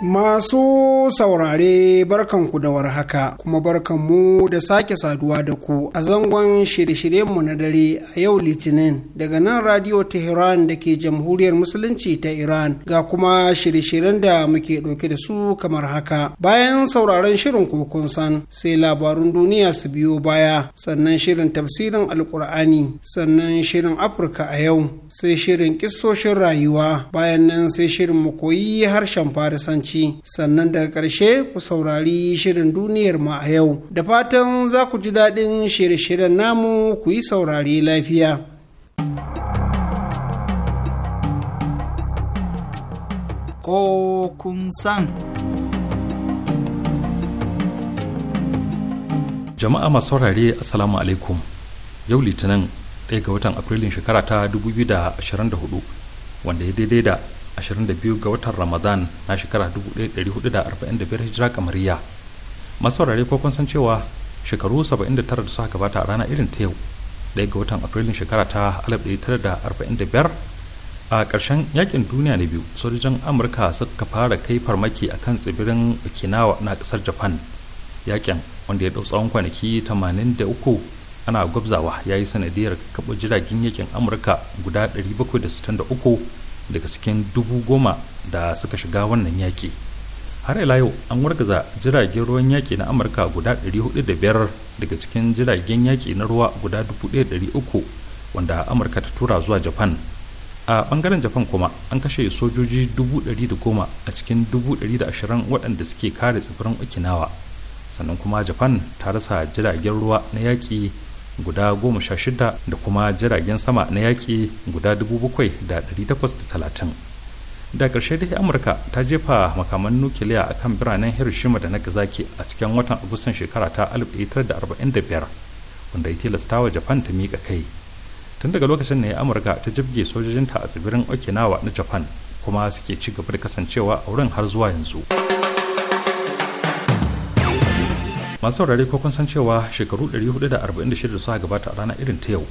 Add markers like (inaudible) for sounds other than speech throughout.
Masu saurare barkanku da warhaka kuma barkanmu da sake saduwa da ku a zangon shirye-shiryenmu na dare a yau Litinin daga nan Radio Tehran da ke Jamhuriyar Musulunci ta Iran ga kuma shirye-shiryen da muke ɗauke da su kamar haka. Bayan sauraron shirin kokon san sai labarun duniya su biyo baya sannan shirin tafsirin Alkur'ani sannan shirin Afirka a yau sai shirin kissoshin rayuwa bayan nan sai shirin mu koyi harshen Farisanci. lokaci sannan daga ƙarshe ku saurari shirin duniyar mu a yau da fatan za ku ji daɗin shirye-shiryen namu ku yi saurari lafiya. Ko kun san. Jama'a masu saurare Assalamu alaikum yau Litinin ɗaya ga watan Afrilun shekara ta 2024 wanda ya daidai da 22 ga watan ramadan na shekara 1445 hijira kamariya masu saurare ko kun san cewa shekaru 79 da suka gabata a rana irin ta yau ɗaya ga watan afrilun shekara ta 1945 a ƙarshen yakin duniya na biyu sojojin amurka suka fara kai farmaki a kan tsibirin okinawa na ƙasar japan yakin wanda ya ɗau tsawon kwanaki 83 ana gwabzawa ya yi sanadiyar kaɓo jiragen yakin amurka guda 763 daga cikin dubu goma da suka shiga wannan yaƙi har ila yau an wargaza jiragen ruwan yaƙi na amurka guda 405 daga cikin jiragen yaƙi na ruwa guda 1300 wanda amurka ta tura zuwa japan a bangaren japan kuma an kashe sojoji 110 a cikin 120 waɗanda suke kare tsibirin okinawa sannan kuma japan ta rasa jiragen ruwa na yaƙi guda goma sha shida da kuma jiragen sama na yaƙi guda dubu bakwai da ɗari takwas da talatin da ƙarshe dai amurka ta jefa makaman nukiliya a kan biranen hiroshima da nagasaki a cikin watan agustan shekara ta 1945 wanda ya tilasta wa japan ta miƙa kai tun daga lokacin ne amurka ta jibge sojojinta a tsibirin okinawa na japan kuma suke ci gaba da kasancewa a wurin har zuwa yanzu. masu saurare ko kun san cewa shekaru 446 da suka gabata a rana irin ta yau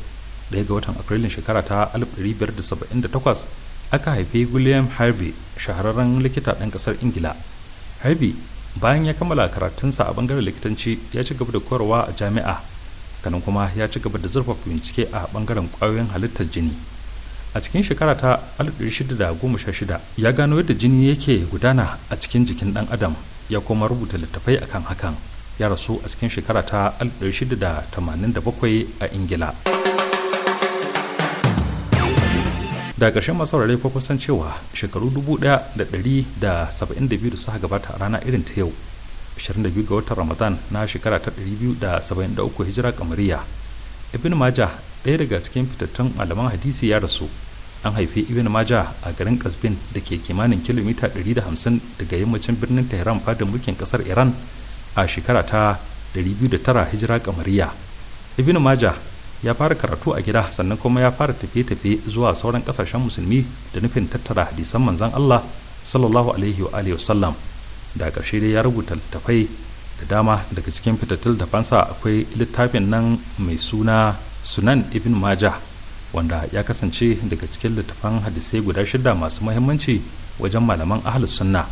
daya ga watan afrilun shekara ta 1578 aka haifi william harvey shahararren likita ɗan ƙasar ingila harvey bayan ya kammala karatunsa a bangaren likitanci ya ci gaba da koyarwa a jami'a kanan kuma ya ci gaba da zurfafa bincike a bangaren ƙwayoyin halittar jini a cikin shekara ta 1616 ya gano yadda jini yake gudana a cikin jikin ɗan adam ya kuma rubuta littattafai akan hakan ya rasu a cikin shekara ta 1687 a ingila da ƙarshen masaurare ko kusan cewa shekaru 1172 da suka gabata a rana irin ta yau 22 ga watan ramadan na shekara ta 273 hijira kamariya ibn maja ɗaya daga cikin fitattun malaman hadisi ya rasu an haifi ibn maja a garin kasbin da ke kimanin kilomita 150 daga yammacin birnin tehran fadin mulkin kasar iran a shekara ta 209 hijira kamariya ibn maja ya fara karatu a gida sannan kuma ya fara tafiye-tafiye zuwa sauran kasashen musulmi da nufin tattara hadisan manzan Allah sallallahu alaihi wa alihi wasallam da ƙarshe dai ya rubuta littafai da dama daga cikin fitattun littafansa akwai littafin nan mai suna sunan ibn majah wanda ya kasance daga cikin littafan hadisai guda shida masu muhimmanci wajen malaman ahlus sunna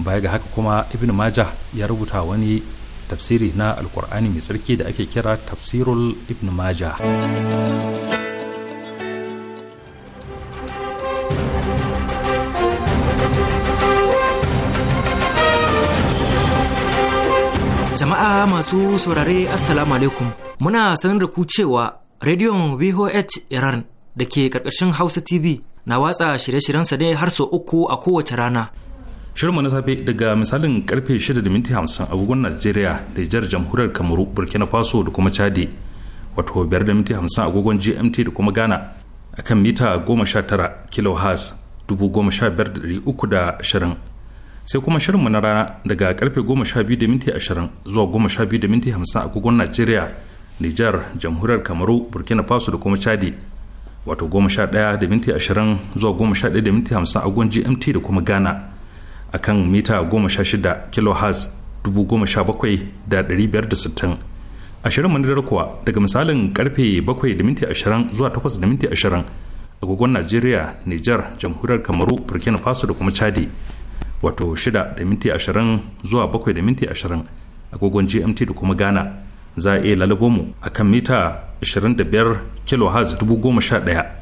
baya ga haka kuma ibn majah ya rubuta wani tafsiri na alkur'ani mai tsarki da ake kira tafsirul ibn majah jama'a masu saurare assalamu alaikum muna sanar da ku cewa rediyon voh iran da ke karkashin hausa tv na watsa shirye-shiryensa ne har sau uku a kowace rana Shirma na safe daga misalin karfe 6:50 agogon Najeriya da jihar jamhuriyar Kamaru, Burkina Faso da kuma Chadi, wato 5:50 agogon GMT da kuma Ghana akan mita 19 kilohertz 15,320. Sai kuma shirinmu na rana daga karfe 12:20 zuwa 12:50 agogon Najeriya, Nijar, jamhuriyar Kamaru, Burkina Faso da kuma Chadi. Wato 11:20 zuwa 11:50 agogon GMT da kuma Ghana. a kan mita 16 kHz 17,560 ashirin manadar kuwa daga misalin karfe 7:20 da 20 zuwa 8:20 da minti agogon najeriya niger jamhuriyar kamaru burkina faso da kuma chadi wato 6.20 zuwa 7.20 agogon gmt da kuma ghana za a iya lalabo mu a kan mita 25 kHz 11,000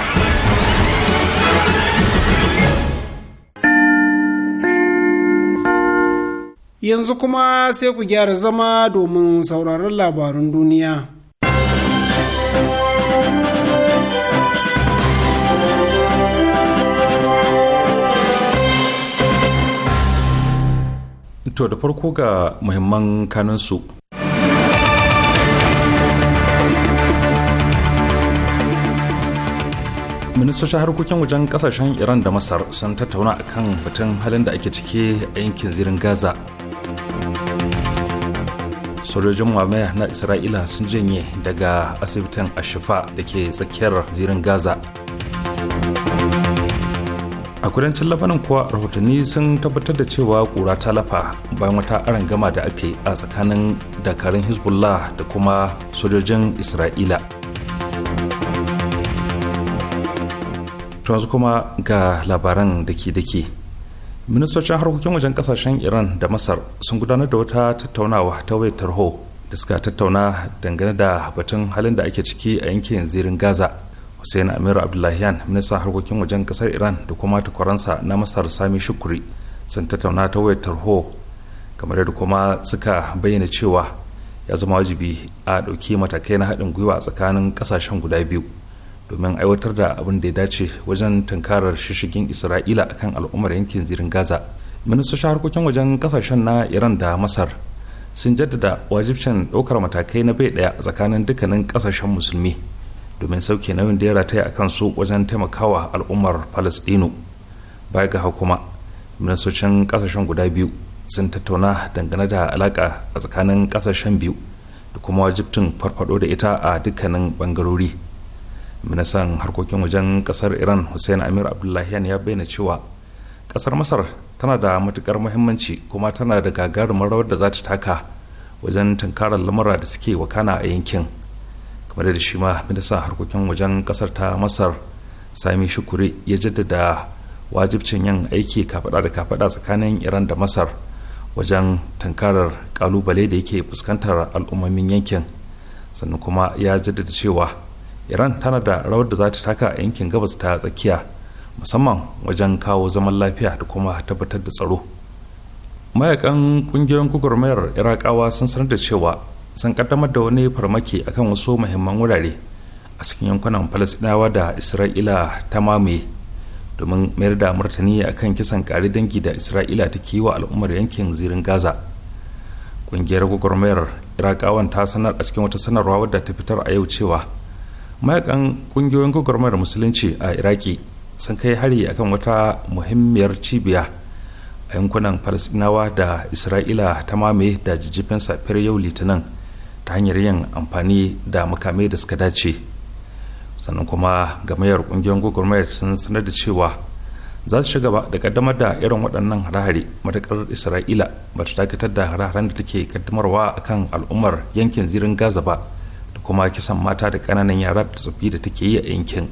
yanzu kuma sai ku gyara zama domin sauraron labarun duniya. To da farko ga muhimman kaninsu. ministocin harkokin wajen kasashen iran da masar sun tattauna akan batun halin da ake cike a yankin zirin gaza sojojin mamaya na isra'ila sun janye daga asibitin ashifa da ke tsakiyar zirin gaza a kudancin labanin kuwa rahotanni sun tabbatar da cewa kura ta lafa bayan wata aron gama da ake a tsakanin dakarun hezbollah da kuma sojojin isra'ila yanzu kuma ga labaran dake-dake ministocin harkokin wajen kasashen iran da masar sun gudanar da wata tattaunawa ta wayar tarho da suka tattauna dangane da batun halin da ake ciki a yankin zirin gaza hussein amir abdullahian ministan harkokin wajen kasar iran da kuma takwaransa na masar sami shukuri sun tattauna ta wayar tarho kamar yadda kuma suka bayyana cewa ya zama wajibi a ɗauki matakai na haɗin gwiwa tsakanin ƙasashen guda biyu domin aiwatar da abin da ya dace wajen tunkarar shishigin isra'ila akan al'ummar yankin zirin gaza ministocin harkokin wajen kasashen na iran da masar sun jaddada wajibcin ɗaukar matakai na bai ɗaya tsakanin dukkanin kasashen musulmi domin sauke nauyin da ya rataya akan su wajen taimakawa al'ummar palestino baya ga hukuma ministocin kasashen guda biyu sun tattauna dangane da alaka a tsakanin kasashen biyu da kuma wajibcin farfado da ita a dukkanin bangarori. ministan harkokin wajen kasar iran hussein amir abdullahian ya bayyana cewa kasar masar tana da matukar muhimmanci kuma tana da gagarumar rawar da za ta taka wajen tunkarar lamura da suke wakana a yankin kamar da shi ma ministan harkokin wajen kasar ta masar sami shukuri ya jaddada wajibcin yin aiki kafada da kafada tsakanin iran da masar wajen tunkarar kalubale da yake fuskantar al'ummomin yankin sannan kuma ya jaddada cewa iran tana da rawar da za ta taka a yankin gabas ta tsakiya musamman wajen kawo zaman lafiya da kuma tabbatar da tsaro mayakan kungiyoyin gwagwarmayar irakawa sun sanar da cewa sun kaddamar da wani farmaki akan wasu muhimman wurare a cikin yankunan falasɗinawa da isra'ila ta mamaye domin mayar da martani akan kisan kare dangi da isra'ila ta yi wa al'ummar yankin zirin gaza kungiyar gwagwarmayar irakawan ta sanar a cikin wata sanarwa wadda ta fitar a yau cewa mayakan kungiyoyin gwagwarmayar musulunci a iraki sun kai hari akan wata muhimmiyar cibiya a yankunan falasinawa da isra'ila ta mamaye da jijjifin safiyar yau litinin ta hanyar yin amfani da makamai da suka dace sannan kuma gamayar kungiyoyin gwagwarmayar sun sanar da cewa za su gaba da kaddamar da irin waɗannan hare-hare matakar isra'ila ba ta dakatar da hare-haren da take kaddamarwa akan al'ummar yankin zirin gaza ba da kuma kisan mata da ƙananan yara da tsofi da take yi a yankin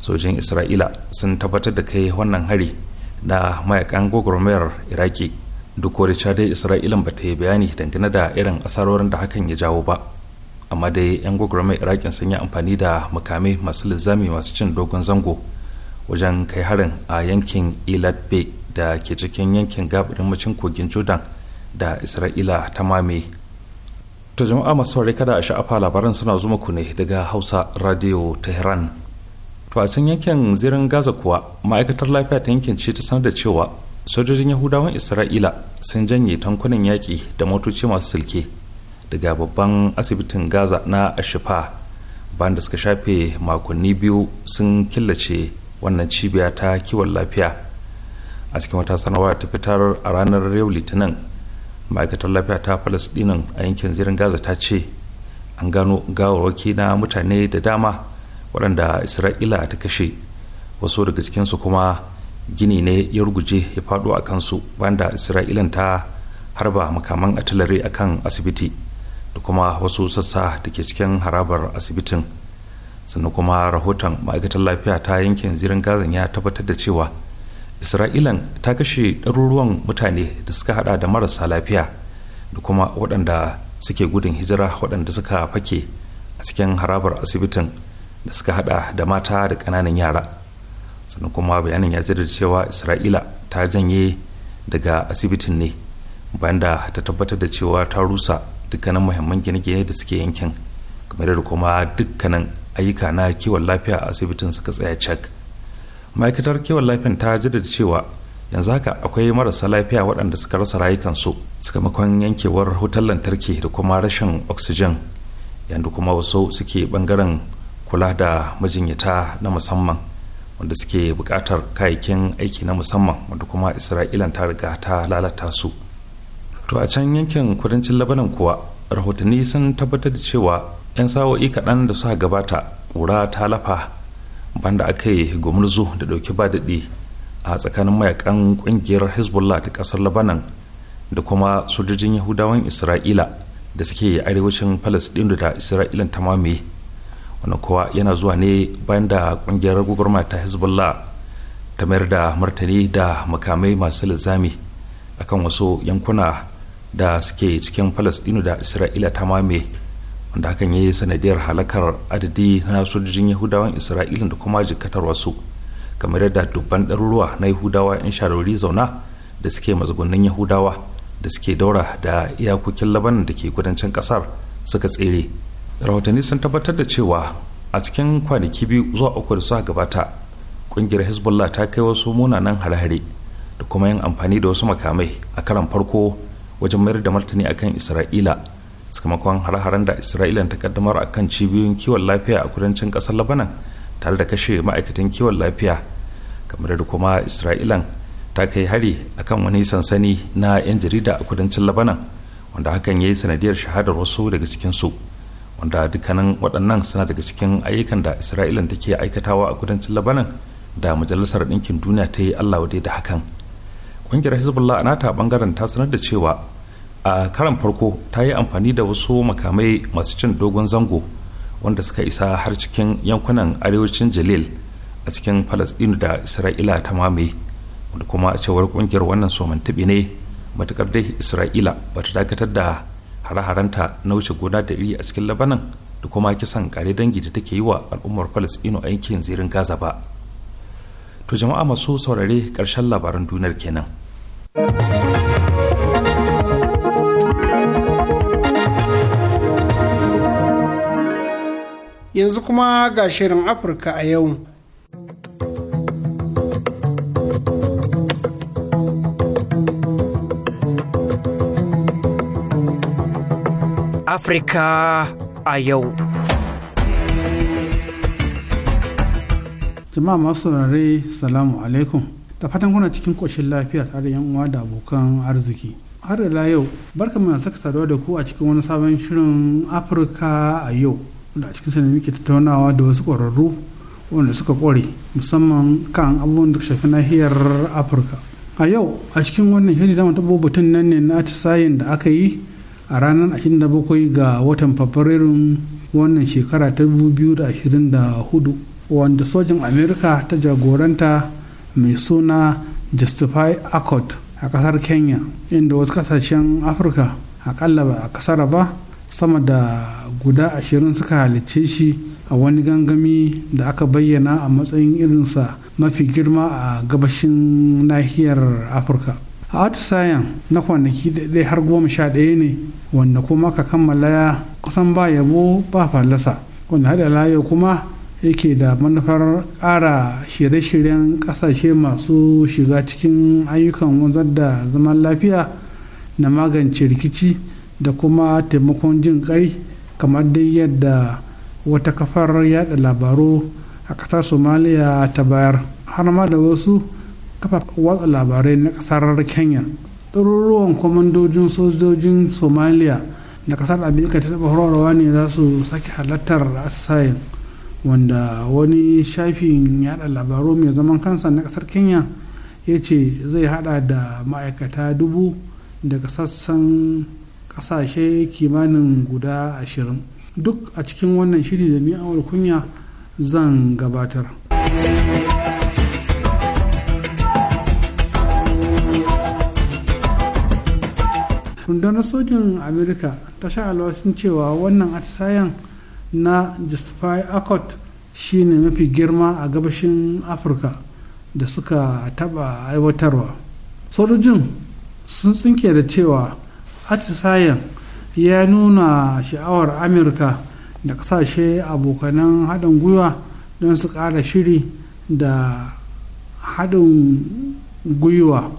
sojin isra'ila sun tabbatar da kai wannan hari da mayakan gwagwarmayar iraki duk wani dai isra'ilan ba ta yi bayani dangane da irin asarorin da hakan ya jawo ba amma dai 'yan gwagwarmayar irakin sun yi amfani da makamai masu lizami masu cin dogon zango wajen kai harin a yankin ilat bay da ke cikin yankin gabarin macin kogin jordan da isra'ila ta mame to jama'a masu saurari kada a sha'afa labaran suna zuma ku ne daga hausa radio tehran to a can yankin zirin gaza kuwa ma'aikatar lafiya ta yankin ce ta sanar da cewa sojojin yahudawan isra'ila sun janye tankunan yaƙi da motoci masu silke daga babban asibitin gaza na ashifa bayan da suka shafe makonni biyu sun killace wannan cibiya ta kiwon lafiya a cikin wata sanarwa ta fitar a ranar yau litinin ma'aikatar lafiya ta palestinan a yankin zirin gaza ta ce an gano gawarwaki na mutane da dama waɗanda isra'ila ta kashe wasu daga cikinsu kuma gini ne ya ruguje ya faɗo a kansu banda isra'ilan ta harba makaman atilare a kan asibiti da kuma wasu sassa da ke cikin harabar asibitin sannan kuma rahoton ma'aikatar lafiya ta yankin zirin gazan ya tabbatar da cewa isra'ilan ta kashe ɗaruruwan mutane da suka hada da marasa lafiya da kuma waɗanda suke gudun hijira waɗanda suka fake a cikin harabar asibitin da suka hada da mata da ƙananan yara sannan kuma bayanin ya da cewa isra'ila ta janye daga asibitin ne bayan da ta tabbatar da cewa ta rusa dukkanin muhimman gine-gine da suke yankin kamar da kuma dukkanin ayyuka na kiwon lafiya a asibitin suka tsaya cak ma'aikatar kiwon lafiyan ta jaddada cewa yanzu haka akwai marasa lafiya waɗanda suka rasa rayukansu sakamakon yankewar wutar lantarki da kuma rashin oxygen yadda kuma wasu suke bangaren kula da majinyata na musamman wanda suke buƙatar kayayyakin aiki na musamman wanda kuma isra'ilan ta riga ta lalata su to a can yankin kudancin labanan kuwa rahotanni sun tabbatar da cewa 'yan sawo'i kaɗan da suka gabata ƙura ta lafa banda aka yi gumurzu da dauki ba daɗi a tsakanin mayakan ƙungiyar hezbollah ta ƙasar labanan da kuma sojojin yahudawan isra'ila da suke arewacin palestin da isra'ilan ta mamaye wannan kowa yana zuwa ne bayan da ƙungiyar gwagwarma ta hezbollah ta mayar da martani da makamai masu linzami akan wasu yankuna da suke cikin palestin da isra'ila ta mamaye wanda hakan ya yi sanadiyar halakar adadi na sojojin yahudawan isra'ila da kuma jikatar wasu kamar yadda dubban ɗaruruwa na yahudawa 'yan shararri zauna da suke matsugunan yahudawa da suke daura da iyakokin labanin da ke kudancin ƙasar suka tsere rahotanni sun tabbatar da cewa a cikin kwanaki biyu zuwa uku da suka gabata ƙungiyar hezbollah ta kai wasu munanan hare-hare da kuma yin amfani da wasu makamai a karan farko wajen mayar da martani akan isra'ila sakamakon har-haren da isra'ila ta kaddamar a kan cibiyoyin kiwon lafiya a kudancin kasar labanan tare da kashe ma'aikatan kiwon lafiya kamar da kuma isra'ilan ta kai hari akan wani sansani na 'yan jarida a kudancin labanan wanda hakan ya yi sanadiyar shahadar wasu daga cikinsu wanda dukkanin waɗannan suna daga cikin ayyukan da isra'ila take aikatawa a kudancin labanan da majalisar ɗinkin duniya ta yi allah da hakan ƙungiyar hezbollah a nata ɓangaren ta sanar da cewa a karan farko ta yi amfani da wasu makamai masu cin dogon zango wanda suka isa har cikin yankunan arewacin jalil a cikin falasdinu da isra'ila ta mamaye wanda kuma a cewar kungiyar wannan somantabi ne matukar dai isra'ila ba ta dakatar da hare-harenta na wuce gona da iri a cikin labanan da kuma kisan kare dangi da take yi wa al'ummar falasdinu a yankin zirin gaza ba to jama'a masu saurare karshen labaran duniyar kenan. yanzu kuma ga shirin afirka a yau afirka a yau jama'a masu saurare salamu alaikum da fatan kuna cikin koshin lafiya tare yan uwa da abokan arziki har da yau barka mu saka saduwa da ku a cikin wani sabon shirin afirka a yau wanda a cikinsa ne muke tattaunawa da wasu ƙwararru wanda suka ƙware musamman kan abubuwan da shafi nahiyar afirka a yau a cikin wannan shiri zamu taɓa batun nan ne na atisayen da aka yi a ranar 27 ga watan fabrairun wannan shekara ta 2024 wanda sojin amerika ta jagoranta mai suna justify accord a kasar kenya inda wasu kasashen afirka akalla ba a kasar ba sama da guda ashirin suka halicce shi a wani gangami da aka bayyana a matsayin irinsa mafi girma a gabashin nahiyar afirka a atisayen na kwanaki ɗaya har goma sha ɗaya ne wanda kuma ka kammala ya kusan ba yabo ba fallasa wanda haɗa layo kuma yake da manufar ƙara shirye-shiryen ƙasashe masu shiga cikin ayyukan wanzar da zaman lafiya na magance rikici da kuma taimakon jin kai kamar dai yadda wata kafar yada labaru a kasar somaliya ta bayar har ma da wasu kafa watsa labarai na kasar kenya ɗaruruwan kwamandojin sojojin somaliya da kasar amerika ta taɓa horarwa ne za su sake halartar asayin wanda wani shafin yada labaru mai zaman kansa na kasar kenya ya ce zai hada da ma'aikata dubu daga sassan kasashe kimanin guda ashirin duk a cikin wannan shiri da ni awar kunya zan gabatar rundunar sojin amerika ta sha alwasin cewa wannan atisayen na justify accord shine mafi girma a gabashin afirka da suka taba aiwatarwa sojojin sun tsinke da cewa atisayen ya nuna sha'awar amurka da kasashe abokanan haɗin gwiwa don su ƙara shiri da haɗin gwiwa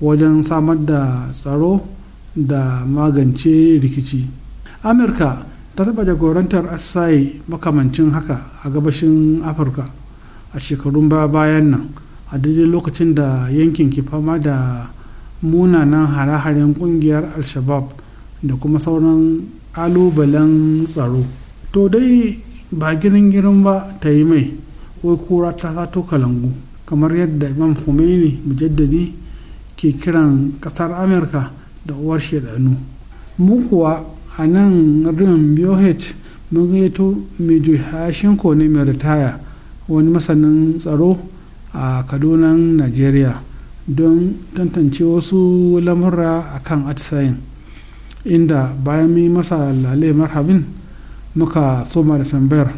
wajen samar da tsaro da magance rikici amurka ta taɓa jagorantar atisaye makamancin haka a gabashin afirka a shekarun bayan nan a daidai lokacin da yankin ke fama da munanan hare-haren kungiyar al-shabab da kuma sauran alubalen tsaro to dai ba girin girin ba ta yi mai ko kura ta sato kalangu kamar yadda imam khomeini mujaddadi ke kiran kasar amurka da uwar shedanu mu kuwa a nan rin boh mun gaito mejo hashin kone mai ritaya wani masanin tsaro a kaduna nigeria. don tantance wasu lamura a kan atisayin inda bayan mi masa lalai marhabin muka tsoma da tambayar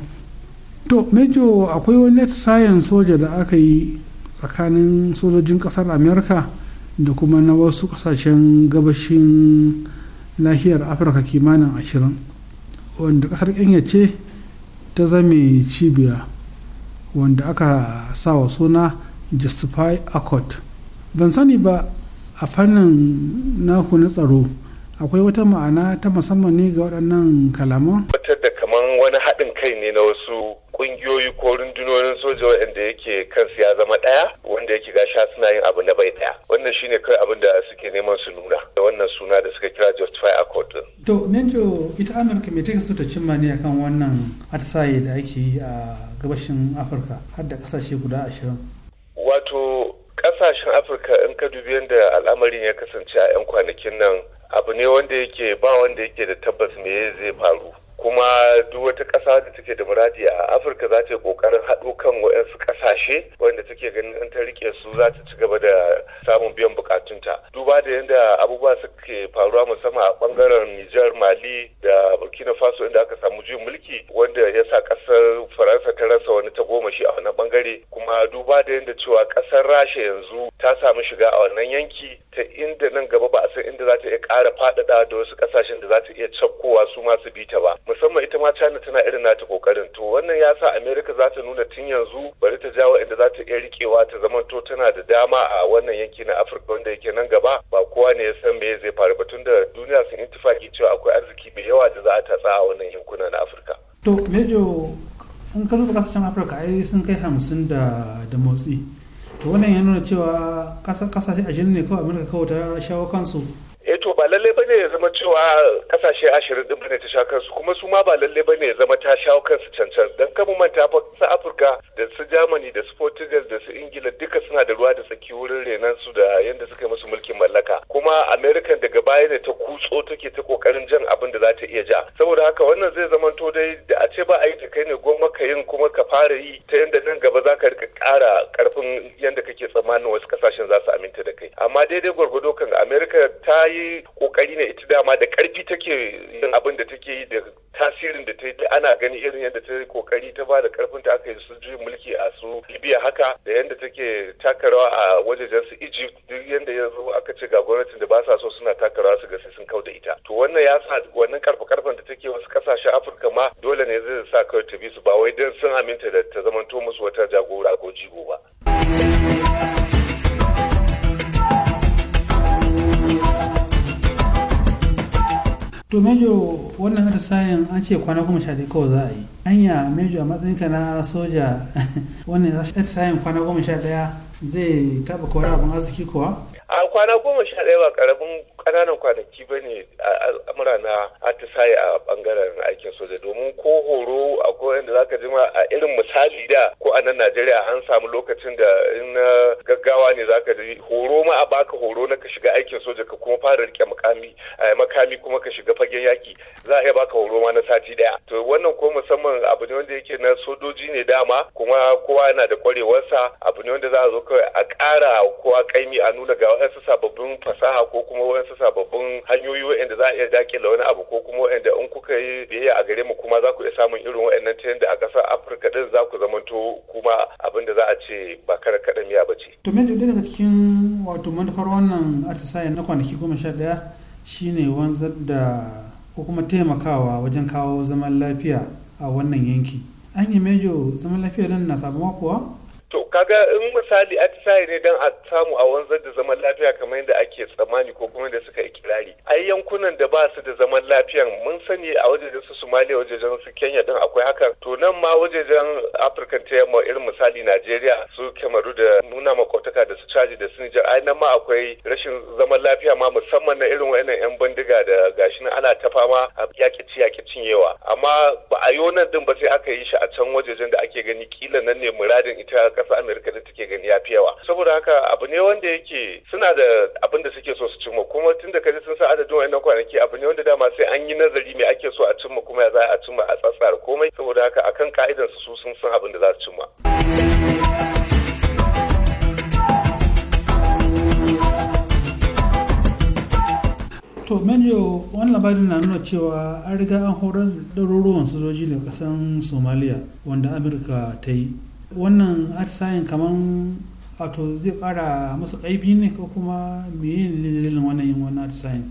to mejo akwai wani atisayen soja da aka yi tsakanin sojojin kasar amerika da kuma na wasu kasashen gabashin nahiyar afirka kimanin ashirin wanda kasar kenya ce ta zame cibiya wanda aka sa wa suna justify accord ban sani ba a fannin naku na tsaro akwai wata ma'ana ta musamman ne ga waɗannan kalaman? Batar da kaman wani haɗin kai ne na wasu ƙungiyoyi ko rundunonin soja waɗanda yake kansu ya zama ɗaya wanda yake gasha suna yin abu na bai ɗaya. Wannan shine kai abin da suke neman su nuna da wannan suna da suka kira Justify Accord din. To, Nenjo, ita Amurka me take so ta cimma ne akan wannan atisaye da ake yi a gabashin Afirka har da ƙasashe guda ashirin? Wato, kasashen afirka in ka dubi yadda al'amarin ya kasance a 'yan kwanakin nan abu ne wanda yake ba wanda yake da tabbas me zai faru kuma duk wata ƙasa da take da muradi a afirka za ta yi ƙoƙarin haɗo kan waɗansu ƙasashe wanda take ganin an ta riƙe su za ta ci gaba da samun biyan buƙatunta duba da yadda abubuwa suke faruwa musamman a ɓangaren nijar mali da burkina faso inda aka samu juyin mulki wanda ya sa ƙasar faransa ta rasa wani ta goma shi a wannan ɓangare kuma duba da yadda cewa ƙasar rasha yanzu ta samu shiga a wannan yanki ta inda nan gaba ba a san inda za ta iya ƙara faɗaɗa da wasu ƙasashen da za ta iya cakkowa su masu bita ba musamman ita ma china tana irin nata kokarin to wannan ya sa america za ta nuna tun yanzu bari ta jawo inda za ta iya rikewa ta to tana da dama a wannan yanki na afirka wanda yake nan gaba ba kowa ne ya san me zai faru ba tun da duniya sun intifaki cewa akwai arziki mai yawa da za a tatsa a wannan yankuna na afirka to mejo in ka duba kasashen afirka ai sun kai hamsin da da motsi to wannan ya nuna cewa kasashe ashirin ne kawai amurka kawai ta shawo kansu eh to ba lalle bane ya zama cewa kasashe ashirin din bane ta sha kansu kuma su ma ba lalle bane ya zama ta sha kansu cancan dan mu manta fa su Afirka da su Germany da su Portugal da su Ingila duka suna da ruwa da tsaki wurin renan su da yanda suka yi musu mulkin mallaka kuma America daga baya ne ta kutso take ta kokarin jan abin da za ta iya ja saboda haka wannan zai zama to dai da a ce ba a yi ta kai ne goma ka yin kuma ka fara yi ta yanda nan gaba za ka rika kara karfin yanda kake tsammanin wasu kasashen za su aminta da kai amma daidai gwargwado kan America ta yi yi kokari ne ita dama da karfi take yin abin da take yi da tasirin da ta yi ana gani irin yadda ta yi kokari ta ba da karfin ta aka yi su juyin mulki a su libya haka da yadda take takarawa a wajejen su egypt duk yadda ya zo aka ce ga gwamnatin da ba sa so suna takarawa su gasi sun kau da ita to wannan ya sa wannan karfa karfen da take wasu kasashen afirka ma dole ne zai sa kawai ta bi su ba wai don sun aminta da ta zamanto musu wata jagora ko jigo ba. to mejo wannan atisayen an ce kwana goma sha daya kawai za a yi anya mejo a matsayinka na soja (laughs) wannan atisayen kwana goma sha daya zai taba kawai abin arziki kuwa a kwana goma sha daya ba ƙaramin kananan kwanaki ba ne al'amura na atisaye a bangaren aikin soja domin ko horo akwai yadda za ka jima a irin misali da ko a nan najeriya an samu lokacin da in gaggawa ne za ka ji horo ma a baka horo na ka shiga aikin soja ka kuma fara rike makami eh, makami kuma ka shiga fagen yaki za a iya baka horo ma na sati daya to wannan ko musamman abu ne wanda yake na sojoji ne dama kuma kowa yana da kwarewarsa abu ne wanda za a zo kawai a ƙara kowa kaimi a nuna ga wasu sababbin fasaha ko kuma wasu sababbin hanyoyi waɗanda za a iya dakila wani abu ko kuma waɗanda in kuka yi biyayya a gare mu kuma za ku iya samun irin waɗannan ta yadda a ƙasar afirka din za ku zamanto kuma abin da za a ce ba kara kaɗan miya ba ce. to me daga cikin wato manufar wannan artisan na kwanaki goma sha daya shine wanzar da ko kuma taimakawa wajen kawo zaman lafiya a wannan yanki an yi mejo zaman lafiya nan na sabuwa kuwa? to kaga in misali atisaye ne don a samu a wanzar da zaman lafiya kamar yadda ake tsammani ko kuma da suka ikirari ai yankunan da ba su da zaman lafiya, mun sani a wajejen su somaliya wajejen su kenya din akwai hakan to nan ma wajejen afirka ta yamma irin misali najeriya su kamaru da nuna makwataka da su caji da su nijar ai nan ma akwai rashin zaman lafiya ma musamman na irin wa'annan yan bandiga da gashi nan ana ta fama a yaƙi ci yaƙi cinyewa amma ba a yi nan din ba sai aka yi shi a can wajejen da ake gani kila nan ne muradin ita ƙasa amerika da take gani ya fi yawa saboda haka abu ne wanda yake suna da abin da suke so su cimma kuma tun da kaji sun san adadin wannan kwanaki abu ne wanda dama sai an yi nazari mai ake so a cimma kuma ya za a cimma a tsatsar komai saboda haka akan ka'idan su sun san abin da za su cimma to menyo wani labarin na nuna cewa an riga an horar da ruruwan sojoji da kasan somaliya wanda amurka ta yi wannan atisayen kamar wato zai kara masa kaifi ne ko kuma meye ne wannan yin wannan atisayen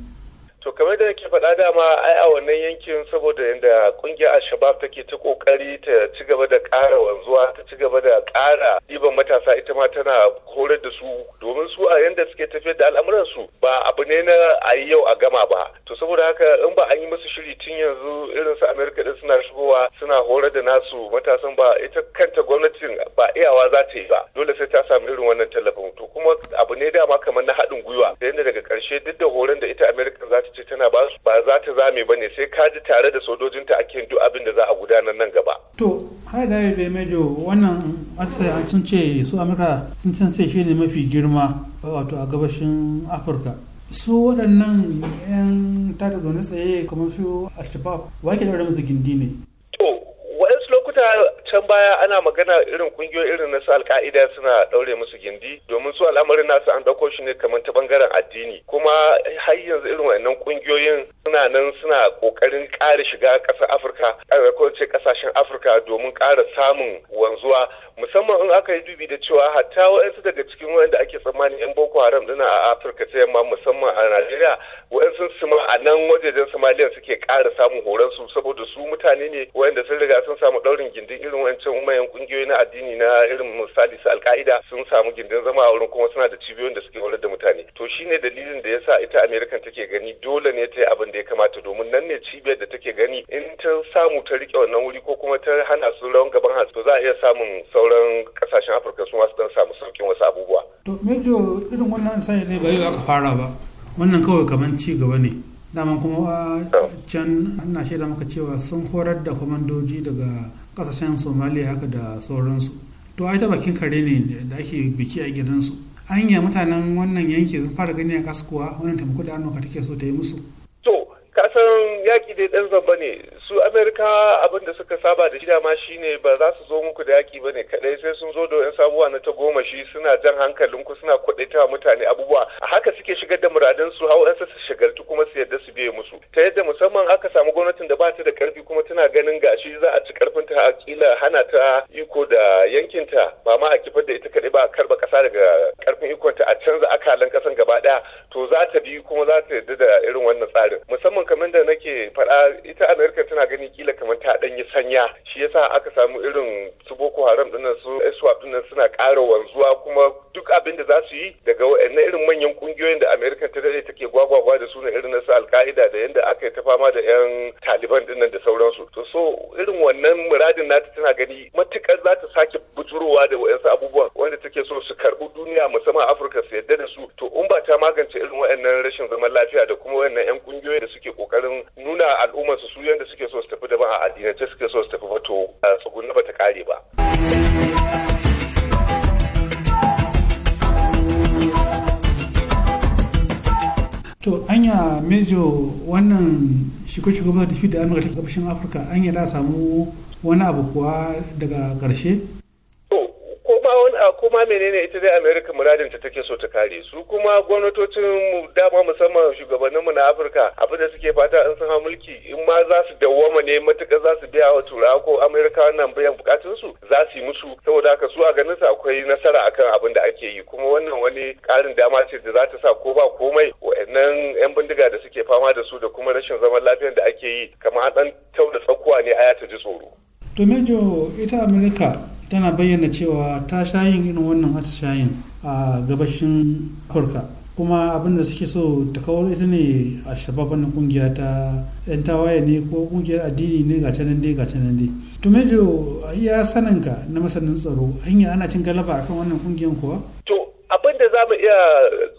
to kamar da nake faɗa dama ai a wannan yankin saboda yadda kungiyar al-shabab take ta kokari ta ci gaba da ƙara wanzuwa ta ci gaba da ƙara ɗiban matasa ita ma tana horar da su domin su a yadda suke tafiyar da al'amuran su ba abu ne na a yi yau a gama ba to saboda haka in ba an yi musu shiri tun yanzu irin su amerika din suna shigowa suna horar da nasu matasan ba ita kanta gwamnatin ba iyawa za ta yi ba dole sai ta samu irin wannan tallafin to kuma abu ne dama kamar na haɗin gwiwa da yadda daga ƙarshe duk da horon da ita amerika za ta ce tana ba ba za ta zame ba ne sai ka ji tare da sojojinta ake duk abin da za a gudanar nan gaba. To, hai da bai mejo wannan arsa sun ce su Amurka sun can sai shi ne mafi girma wato a gabashin Afirka. Su waɗannan 'yan tada zaune tsaye kamar su al wa ke da musu gindi ne? To, waɗansu lokuta can baya ana magana irin kungiyoyi irin na su alka'ida suna ɗaure musu gindi domin su al'amarin nasu an ɗauko shi ne kamar ta ɓangaren addini kuma har yanzu irin waɗannan kungiyoyin suna nan suna ƙoƙarin ƙara shiga ƙasar afirka ko ce ƙasashen afirka domin ƙara samun wanzuwa musamman in aka yi dubi da cewa hatta waɗansu daga cikin waɗanda ake tsammanin 'yan boko haram dina a afirka ta yamma musamman a najeriya waɗansu su ma a nan wajejen somaliya suke ƙara samun horonsu su saboda su mutane ne waɗanda sun riga sun samu daurin gindin irin wancan mayan kungiyoyi na addini na irin misali su alka'ida sun samu gindin zama a wurin kuma suna da cibiyoyin da suke horar da mutane to shine dalilin da yasa ita american take gani dole ne ta yi abin da ya kamata domin nan ne cibiyar da take gani in ta samu ta riƙe wannan wuri ko kuma ta hana su rawan gaban hasu to za a iya samun sauran kasashen afirka su masu dan samu saukin wasu abubuwa to mejo irin wannan sanya ne ba yau aka fara ba wannan kawai kamar ci gaba ne daman kuma can ana shaida maka cewa sun horar da kwamandoji daga kasashen somaliya haka da sauransu to ai ta bakin kare ne da ake biki a gidansu anya mutanen wannan yanki sun fara gani a kasuwa wannan taimako da amurka take so ta yi musu to kasan yaki dai dan zamba bane su amerika abin da suka saba da shi dama shine ba za su zo muku da yaki ba ne kadai sai sun zo da yan sabuwa na ta goma shi suna jan hankalin ku suna kudaita mutane abubuwa a haka suke shigar da muradin su hau yan su shigartu kuma su yadda su biye musu ta yadda musamman aka samu gwamnatin da ba ta da karfi kuma tana ganin gashi za a ci karfin ta kila hana ta iko da yankinta ba ma a kifar da ita kadai ba a karba kasa daga karfin ikonta a canza akalan kasan gaba daya to za ta bi kuma za ta yadda da irin wannan tsarin musamman kamar da nake faɗa ita ta amerika tana gani kila kamar ta danyi sanya shi yasa aka samu irin su boko haram dinnan su iswap dinnan suna ƙara wanzuwa kuma duk abin da za su yi daga wa'annan irin manyan kungiyoyin da amerika ta dade take gwagwagwa da su na irin su alka'ida da yadda aka yi ta fama da yan taliban dinnan da sauransu to so irin wannan muradin nata tana gani matukar za ta sake bujurowa da wa'ansu abubuwan wanda take so su karbi duniya musamman afirka su yadda da su to in ba ta magance irin wa'annan rashin zaman lafiya da kuma wa'annan yan kungiyoyin da suke kokarin nuna al'ummar su su yadda suke so su tafi da ba a addinance suke so su tafi ba to tsugunna ba ta kare ba. to anya mejo wannan shigo-shigo da fi da amurka ta gabashin afirka an yi da samu wani abu kuwa daga karshe kuma wani a kuma menene ita dai america muradin ta take so ta kare su kuma gwamnatocin mu dama musamman shugabannin mu na afirka abin da suke fata in sun hau mulki in ma za su dawwama ne matuƙa za su biya wa turawa ko america nan bayan bukatun su za su yi musu saboda haka su a ganin su akwai nasara akan abin da ake yi kuma wannan wani ƙarin dama ce da za ta sa ko ba komai wa'annan yan bindiga da suke fama da su da kuma rashin zaman lafiyar da ake yi kamar an ɗan tauna tsakuwa ne aya ta ji tsoro. Tomejo ita amerika tana bayyana cewa ta sha yin irin wannan shayin a gabashin afirka kuma abin da suke so ta kawar ita ne a shababban kungiya ta yan tawaye ne ko kungiyar addini ne ga canan dai ga canan dai to mejo ya saninka na masanin tsaro hanya ana cin galaba akan wannan kungiyar kuwa to abin da za mu iya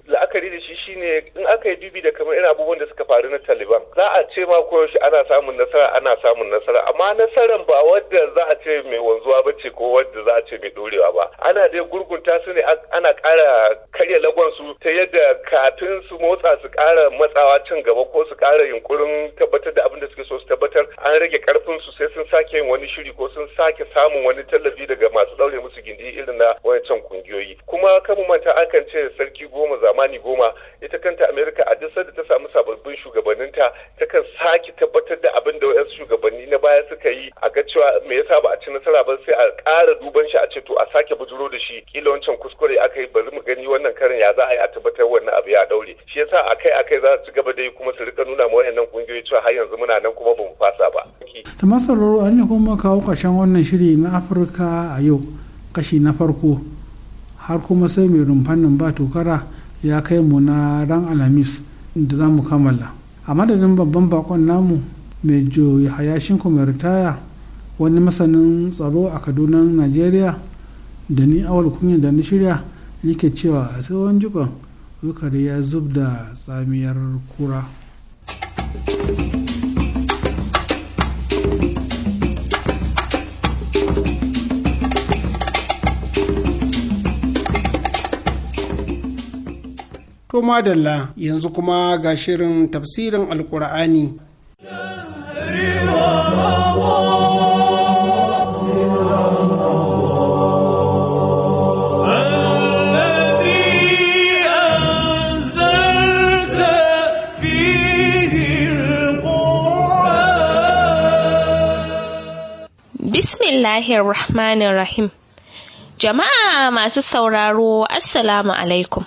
la'akari da shi shine in aka yi dubi da kamar irin abubuwan da suka faru na taliban za a ce ma koyaushe ana samun nasara ana samun nasara amma nasaran ba wadda za a ce mai wanzuwa ba ce ko wadda za a ce mai dorewa ba ana dai gurgunta su ne ana ƙara karya su ta yadda kafin su motsa su ƙara matsawa cin gaba ko su ƙara yunkurin tabbatar da abin da suke so su tabbatar an rage karfin su sai sun sake yin wani shiri ko sun sake samun wani tallafi daga masu daure musu gindi irin na wancan kungiyoyi kuma kamu manta akan ce sarki goma zamani goma ita kanta amerika a duk sanda ta samu sababbin shugabanninta ta kan sake tabbatar da abin da wasu shugabanni na baya suka yi a ga cewa me yasa ba a ci nasara ba sai a kara duban shi a ce to a sake bujuro da shi kila wancan kuskure aka yi bari mu gani wannan karin ya za a yi a tabbatar wannan abu ya daure shi yasa akai akai za su gaba da yi kuma su rika nuna ma wayannan kungiyoyi cewa har yanzu muna nan kuma ba mu fasa ba da masararo an ne kuma kawo ƙarshen wannan shiri na afirka a yau kashi na farko har kuma sai mai rumfan ba tokara ya kai mu na ran alhamis da za mu kammala a madadin babban bakon namu mai joyi hayashin kuma ritaya wani masanin tsaro a kaduna najeriya da ni awal kunya da na shirya yake cewa a tsawon jikon ya zub da tsamiyar kura To madalla yanzu kuma ga shirin tafsirin alkur'ani Bismillahir Jama'a masu sauraro, Assalamu alaikum.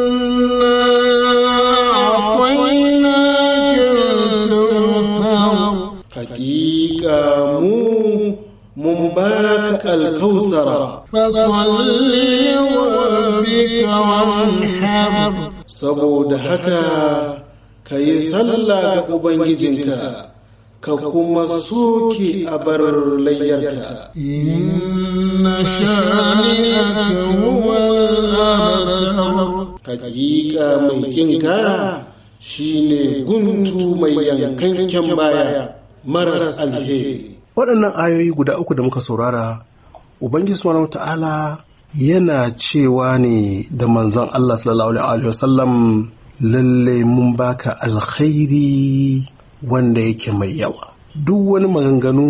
وأباك الكوثر فصل لربك وانحر saboda haka ka yi sallah ga ubangijinka ka kuma soke a bar layyarka inna shani'aka huwal abtar hakika mai kinka shine guntu mai yankanken baya maras alheri waɗannan ayoyi guda uku da muka saurara ubangiji subhanahu ta'ala yana cewa ne da manzon Allah sallallahu alaihi wasallam lalle mun baka alkhairi wanda yake mai yawa duk wani maganganu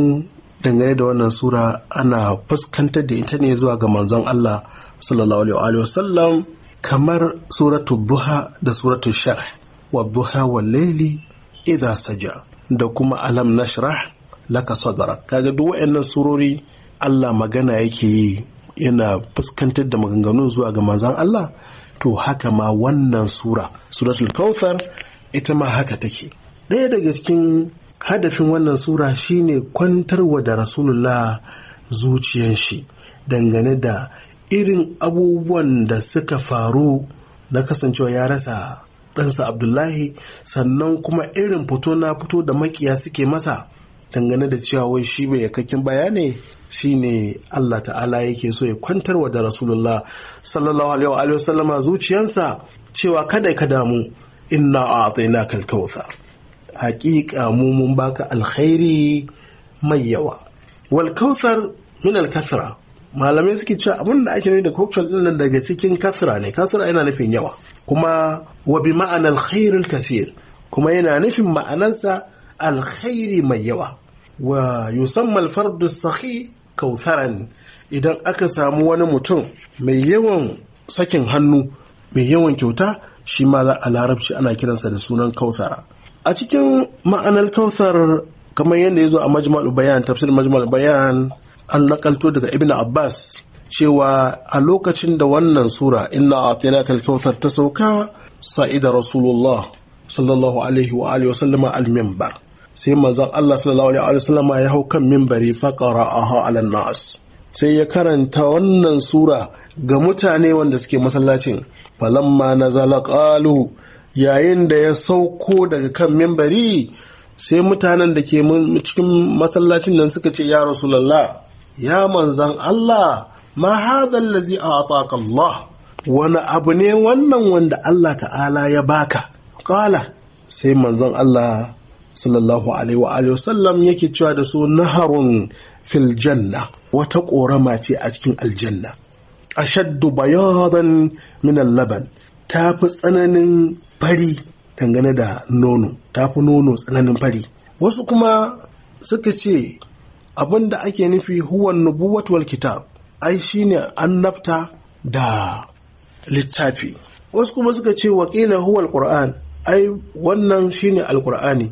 dangane da wannan sura ana fuskantar da ita ne zuwa ga manzon Allah sallallahu alaihi wasallam kamar suratu buha da suratu sharh wa buha wa laili idha saja da kuma alam nashrah laka sadara kaga duk wayannan surori Allah magana yake yi yana fuskantar da maganganun zuwa ga manzan Allah to haka ma wannan sura suratul kautsar ita ma haka take ɗaya daga cikin hadafin wannan sura shine kwantarwa da rasulullah zuciyar shi dangane da irin abubuwan da suka faru na kasancewa ya rasa ɗansa abdullahi sannan kuma irin fito na fito da makiya suke masa dangane da cewa wai shi mai yakakkin baya ne shine Allah ta'ala yake so ya kwantar wa da Rasulullah sallallahu alaihi wa sallama zuciyansa cewa kada ka damu inna a'tainaka al-kautsar haƙiƙa mu mun baka alkhairi mai yawa wal kautsar min al malamai suke cewa abin da ake nufi da kautsar din nan daga cikin kasra ne kasra yana nufin yawa kuma wa bi ma'anar khairul kasir kuma yana nufin ma'anarsa alkhairi mai yawa wa yusammal fardu sahi kautaran idan aka samu wani mutum mai yawan sakin hannu mai yawan kyauta shi ma za a larabci ana kiransa da sunan kautsara a cikin ma'anar kautsar kamar yadda ya zo a majmal bayan tafsir majmal bayan an nakalto daga ibn abbas cewa a lokacin da wannan sura inna a al-kautsar ta sauka sa'ida rasulullah sallallahu alaihi wa alihi wa sallama al mimbar sai manzon Allah sallallahu alaihi wasallam ya hau kan mimbari faqara aha ala nas sai ya karanta wannan sura ga mutane wanda suke masallacin falamma nazala qalu yayin da ya sauko daga kan mimbari. sai mutanen da ke cikin masallacin nan suka ce ya rasulullah ya manzan Allah ma hadha allazi ataka Allah wani abu ne wannan wanda Allah ta'ala ya baka Ƙala. sai manzon Allah sallallahu alaihi wa alihi wasallam yake cewa da su naharun fil janna wata ƙorama ce a cikin aljanna ashaddu bayadan min laban ta fi tsananin fari dangane da nono ta fi nono tsananin fari wasu kuma suka ce abin da ake nufi huwan nubuwat wal kitab ai shine annabta da littafi wasu kuma suka ce wakila huwal qur'an ai wannan shine alqur'ani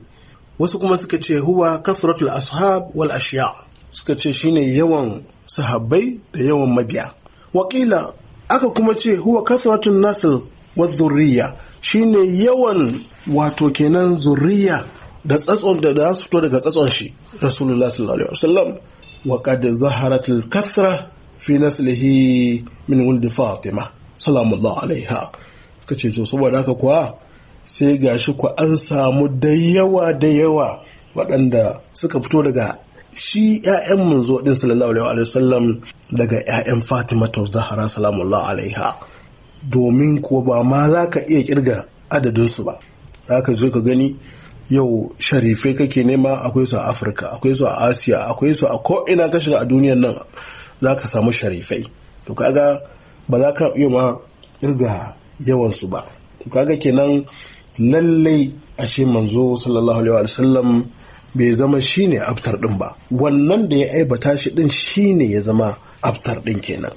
wasu kuma suka ce huwa kafratul ashab wal ashiya suka ce shine yawan sahabbai da yawan mabiya wakila aka kuma ce huwa kafratun nasir wa zurriya shine yawan wato kenan zurriya da tsatson da za su fito daga tsatson shi rasulullah sallallahu alaihi wasallam wa qad zaharat kathra fi naslihi min wuldi fatima salamu alaiha kace to saboda haka kuwa sai gashi ku an samu da yawa da yawa waɗanda suka fito daga shi 'ya'yan manzo ɗin sallallahu alaihi wasallam daga 'ya'yan fatima ta zahara salamullah alaiha domin kuwa ba ma za ka iya kirga adadinsu ba za ka zo ka gani yau sharifai kake nema akwai su a afirka akwai su a asiya akwai su a ko'ina ka shiga a duniyar nan za ka samu sharifai to kaga ba za ka iya ma kirga yawansu ba kaga kenan lallai ashe manzo sallallahu alaihi wa sallam bai zama shine aftar din ba wannan da ya aibata shi din shine ya zama aftar din kenan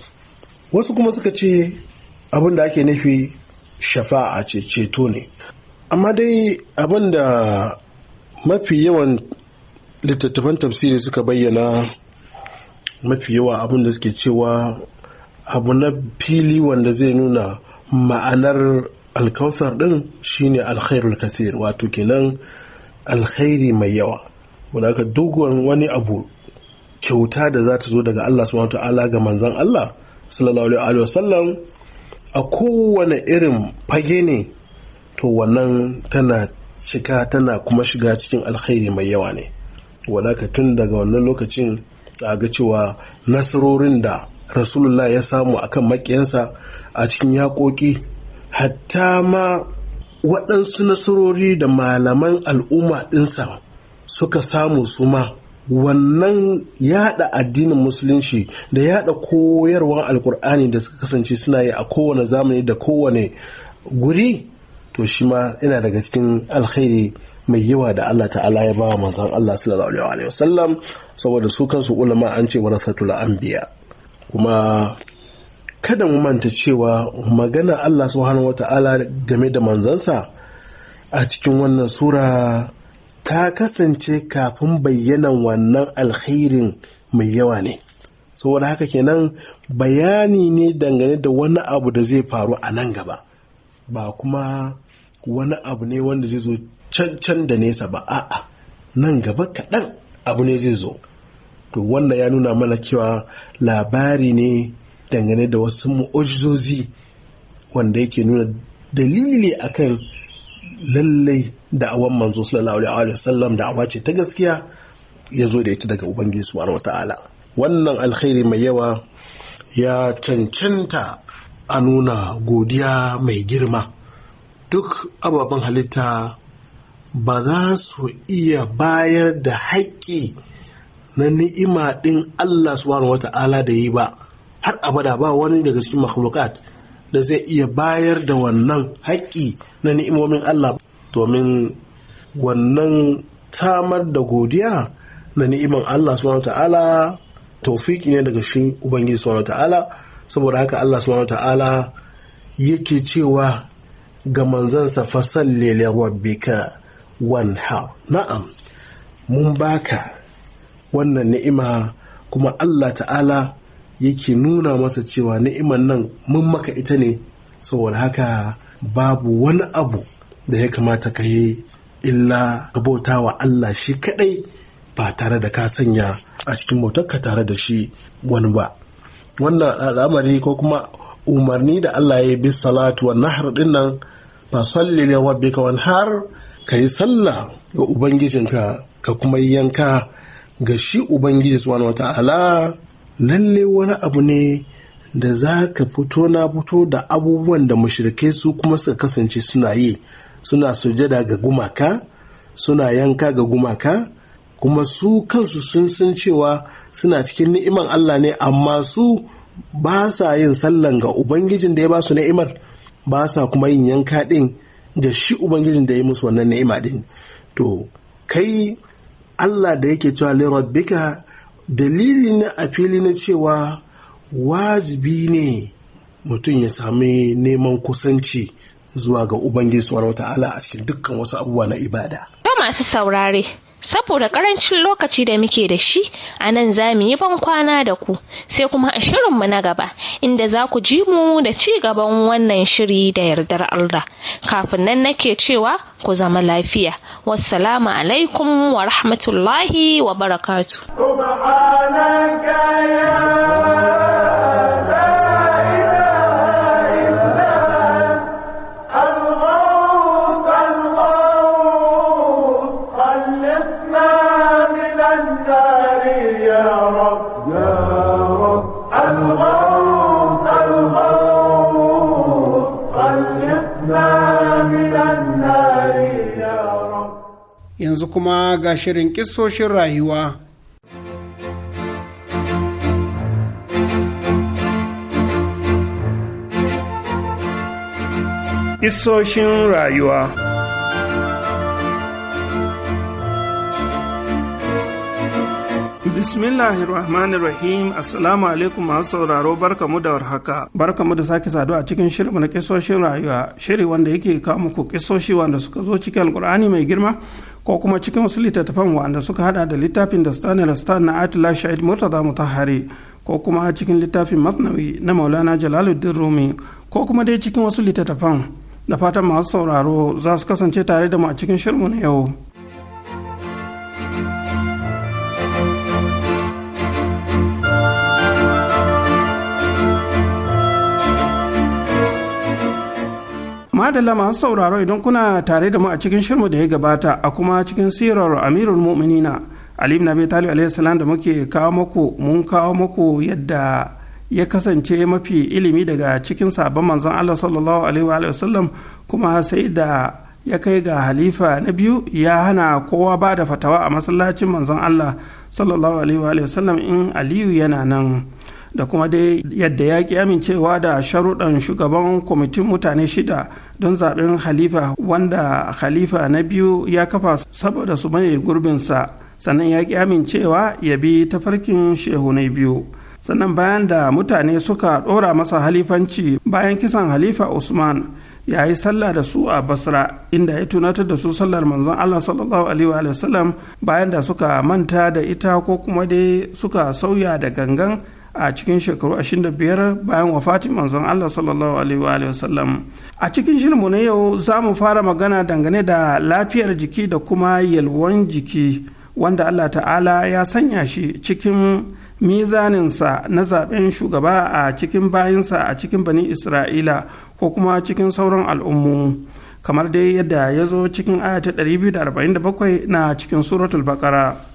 wasu kuma suka ce abin da ake nufi shafa'a ce ceto ne amma dai abin da mafi yawan littattafan tafsiri suka bayyana mafi yawa abin da suke cewa abu na fili wanda zai nuna ma'anar alkautsar ɗin shine alkhairul kathir wato kenan alkhairi mai yawa wanda aka dogon wani abu kyauta da za ta zo daga Allah subhanahu ta'ala ga manzon Allah sallallahu alaihi wasallam a kowane irin fage ne to wannan tana cika tana kuma shiga cikin alkhairi mai yawa ne wadaka tun daga wannan lokacin a ga cewa nasarorin da rasulullah ya samu akan makiyansa a cikin yaƙoƙi hatta ma waɗansu nasarori da malaman al'umma ɗinsa suka samu su ma wannan yada addinin musulunci da yada koyarwar Alƙur'ani da suka kasance suna yi a kowane zamani da kowane guri to shi ma yana daga cikin alkhairi mai yawa da Allah ta'ala ya ba manzon Allah sallallahu alaihi wasallam saboda su kansu ulama an ce warasatul biya kuma kada mu manta cewa magana Allah subhanahu wata'ala game da manzansa a cikin wannan sura ta kasance kafin bayyanan wannan alkhairin mai yawa ne saboda haka kenan bayani ne dangane da wani abu da zai faru a nan gaba ba kuma wani abu ne wanda zai zo can da nesa ba a'a nan gaba kaɗan abu ne zai zo to wanda ya nuna mana cewa labari ne dangane da wasu mu'ajizozi wanda yake nuna dalili akan lallai da'awan manzo sallallahu alaihi wa sallam da'awa ce ta gaskiya ya zo da ita daga ubangiji subhanahu wataala wannan alkhairi mai yawa ya cancanta a nuna godiya mai girma duk ababen halitta ba za su iya bayar da haƙƙi na ni'ima ɗin Allah subhanahu wata'ala da yi ba har abada ba wani daga cikin makhlukat da zai iya bayar da wannan haƙƙi na ni'imomin Allah domin wannan tamar da godiya na ni'iman Allah subhanahu ta'ala tawfiki ne daga shi ubangiji subhanahu ta'ala saboda haka Allah subhanahu ta'ala yake cewa ga manzansa fasalli li rabbika wanhar na'am mun baka wannan ni'ima kuma Allah ta'ala yake nuna masa cewa ni'iman nan mun maka ita ne saboda haka babu wani abu da ya kamata ka yi illa ka bauta wa Allah shi kadai ba tare da ka sanya a cikin bautarka tare da shi wani ba wannan al'amari ko kuma umarni da Allah ya bi salatu wa nahar din nan ba salli ne wa bika wani har ka yi sallah ga ubangijinka ka kuma yi yanka ga shi ubangiji subhanahu ta'ala lalle wani abu ne da za ka fito na fito da abubuwan da mushrikai su kuma suka kasance suna yi suna sujada ga gumaka suna yanka ga gumaka kuma su kansu sun san cewa suna cikin ni'iman Allah ne amma su ba sa yin sallan ga ubangijin da ya ba su ni'imar ba sa kuma yin yanka din ga shi ubangijin da ya musu wannan ni'ima din to kai Allah da yake cewa lirabbika dalili na a fili na cewa wajibi ne mutum ya sami neman kusanci zuwa ga Ubangiji Subhanahu ta'ala a cikin dukkan wasu abubuwa na ibada. Ba masu saurare, saboda karancin lokaci da muke da shi, a nan za mu yi ban kwana da ku, sai kuma a shirinmu na gaba, inda za ku ji mu da ci gaban wannan shiri da yardar Allah. Kafin nan nake cewa ku zama lafiya. wassalamu alaikum wa rahmatullahi wa barakatu yanzu kuma ga shirin kisoshin rayuwa Kisoshin rayuwa Bismillahir Rahmanir Rahim Assalamu alaikum masu sauraro barkamu da warhaka. Barkamu da sake saduwa a cikin shirin na kisoshin rayuwa, shiri wanda yake kawo muku kisoshi wanda suka zo cikin Alkur'ani mai girma ko kuma cikin wasu littattafan wanda suka hada da littafin da stanley rastan na atila shahid murtaza mutahari ko kuma cikin littafin masnawi na maulana jalaluddin rumi ko kuma dai cikin wasu littattafan da fatan masu sauraro za su kasance tare da mu a cikin shirmu na yau madalla masu sauraro idan kuna tare da mu a cikin shirmu da ya gabata a kuma cikin sirar amirul mu'minina ali ibn abi talib da muke kawo muku mun kawo muku yadda ya kasance mafi ilimi daga cikin sabon manzon Allah sallallahu alaihi wa sallam kuma sai da ya kai ga halifa na biyu ya hana kowa ba da fatawa a masallacin manzon Allah sallallahu alaihi wa sallam in aliyu yana nan da kuma dai yadda ya ki amincewa da sharuɗan shugaban kwamitin mutane shida don zaben halifa wanda khalifa na biyu ya kafa saboda su maye gurbinsa sannan ya ki amincewa ya bi tafarkin shehu na biyu sannan bayan da mutane suka ɗora masa halifanci bayan kisan halifa usman ya yi sallah da su a basra inda ya tunatar da su sallar manzon allah sallallahu alaihi wa sallam bayan da suka manta da ita ko kuma dai suka sauya da gangan a cikin shekaru 25 bayan wafatin manzon Allah sallallahu alaihi wa sallam a cikin shirinmu na yau za mu fara magana dangane da lafiyar jiki da kuma yalwan jiki wanda Allah ta'ala ya sanya shi cikin mizaninsa na zaben shugaba a cikin bayinsa a cikin bani isra'ila ko kuma cikin sauran al'ummu kamar dai yadda ya zo cikin ayata 247 na cikin suratul bakara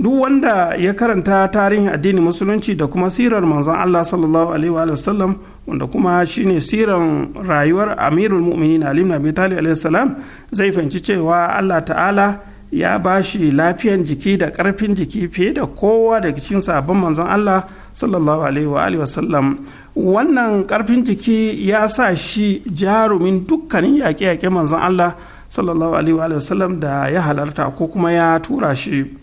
duk wanda ya karanta tarihin addinin musulunci da kuma sirar manzon Allah sallallahu alaihi wa sallam wanda kuma shine siran rayuwar amirul mu'minin ali ibn abi talib alaihi salam zai fahimci cewa Allah ta'ala ya ba shi lafiyan jiki da karfin jiki fiye da kowa da cikin sabon manzon Allah sallallahu alaihi wa sallam wannan karfin jiki ya sa shi jarumin dukkanin yaƙe-yaƙe manzon Allah sallallahu alaihi wa sallam da ya halarta ko kuma ya tura shi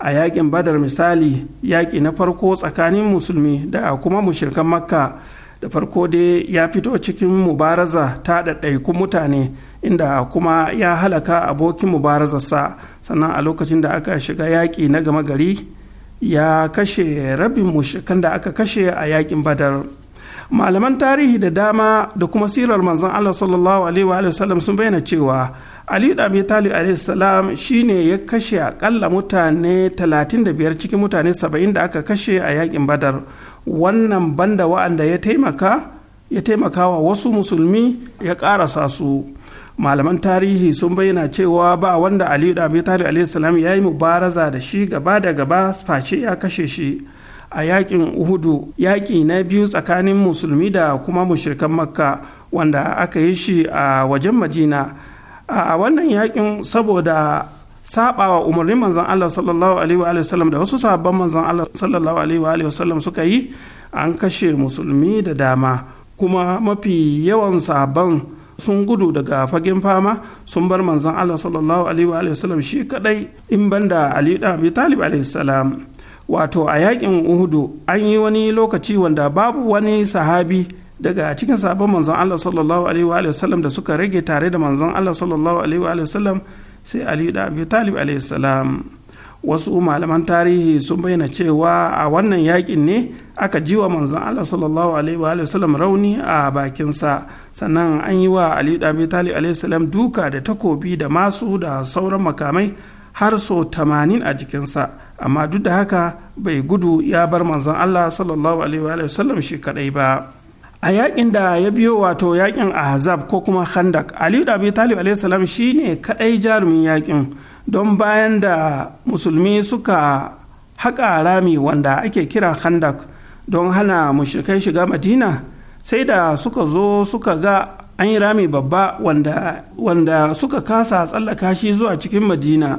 a yakin badar misali yaƙi na farko tsakanin musulmi da kuma mushirkan makka da farko dai ya fito cikin mubaraza ta ɗaiɗaikun mutane inda kuma ya halaka abokin mubarazarsa sannan a lokacin da aka shiga yaƙi na gama gari ya kashe rabin mushrikan da aka kashe a yaƙin badar malaman tarihi da dama da kuma sirar manzon allah sallallahu alaihi wa sallam sun bayyana cewa aliyu da abi talib shi shine ya kashe akalla mutane 35 cikin mutane 70 da aka kashe a yakin badar wannan banda wa'anda ya taimaka ya taimaka wasu musulmi ya karasa su malaman tarihi sun bayyana cewa ba wanda aliyu da abi talib alaihissalam ya yi mubaraza da shi gaba da gaba face ya kashe shi a yakin uhudu yaƙi na biyu tsakanin musulmi da kuma mushrikan makka wanda aka yi shi a wajen madina a wannan yakin saboda wa umarnin manzon Allah sallallahu alaihi wa sallam da wasu sahabban manzon Allah sallallahu alaihi wa sallam suka yi an kashe musulmi da dama kuma mafi yawan sahabban sun gudu daga fagen fama sun bar manzon Allah sallallahu alaihi wa sallam shi kadai in banda Ali da Abi Talib alaihi salam wato a yakin Uhudu an yi wani lokaci wanda babu wani sahabi daga cikin sabon manzon Allah sallallahu alaihi wa sallam da suka rage tare da manzon Allah sallallahu alaihi wa sallam sai Ali da Abi Talib alaihi salam wasu malaman tarihi sun bayyana cewa a wannan yakin ne aka jiwa manzon Allah sallallahu alaihi wa sallam rauni a bakinsa sannan an yi wa Ali da Abi Talib alaihi salam duka da takobi da masu da sauran makamai har so 80 a jikinsa amma duk da haka bai gudu ya bar manzon Allah sallallahu alaihi wa sallam shi kadai ba a yakin da ya biyo wato yakin ahzab ko kuma khandak aliyu da abi talib shi shine kadai jarumin yakin don bayan da musulmi suka haƙa rami wanda ake kira khandak don hana mushrikai shiga madina sai da suka zo suka ga an yi rami babba wanda, wanda suka kasa tsallaka shi zuwa cikin madina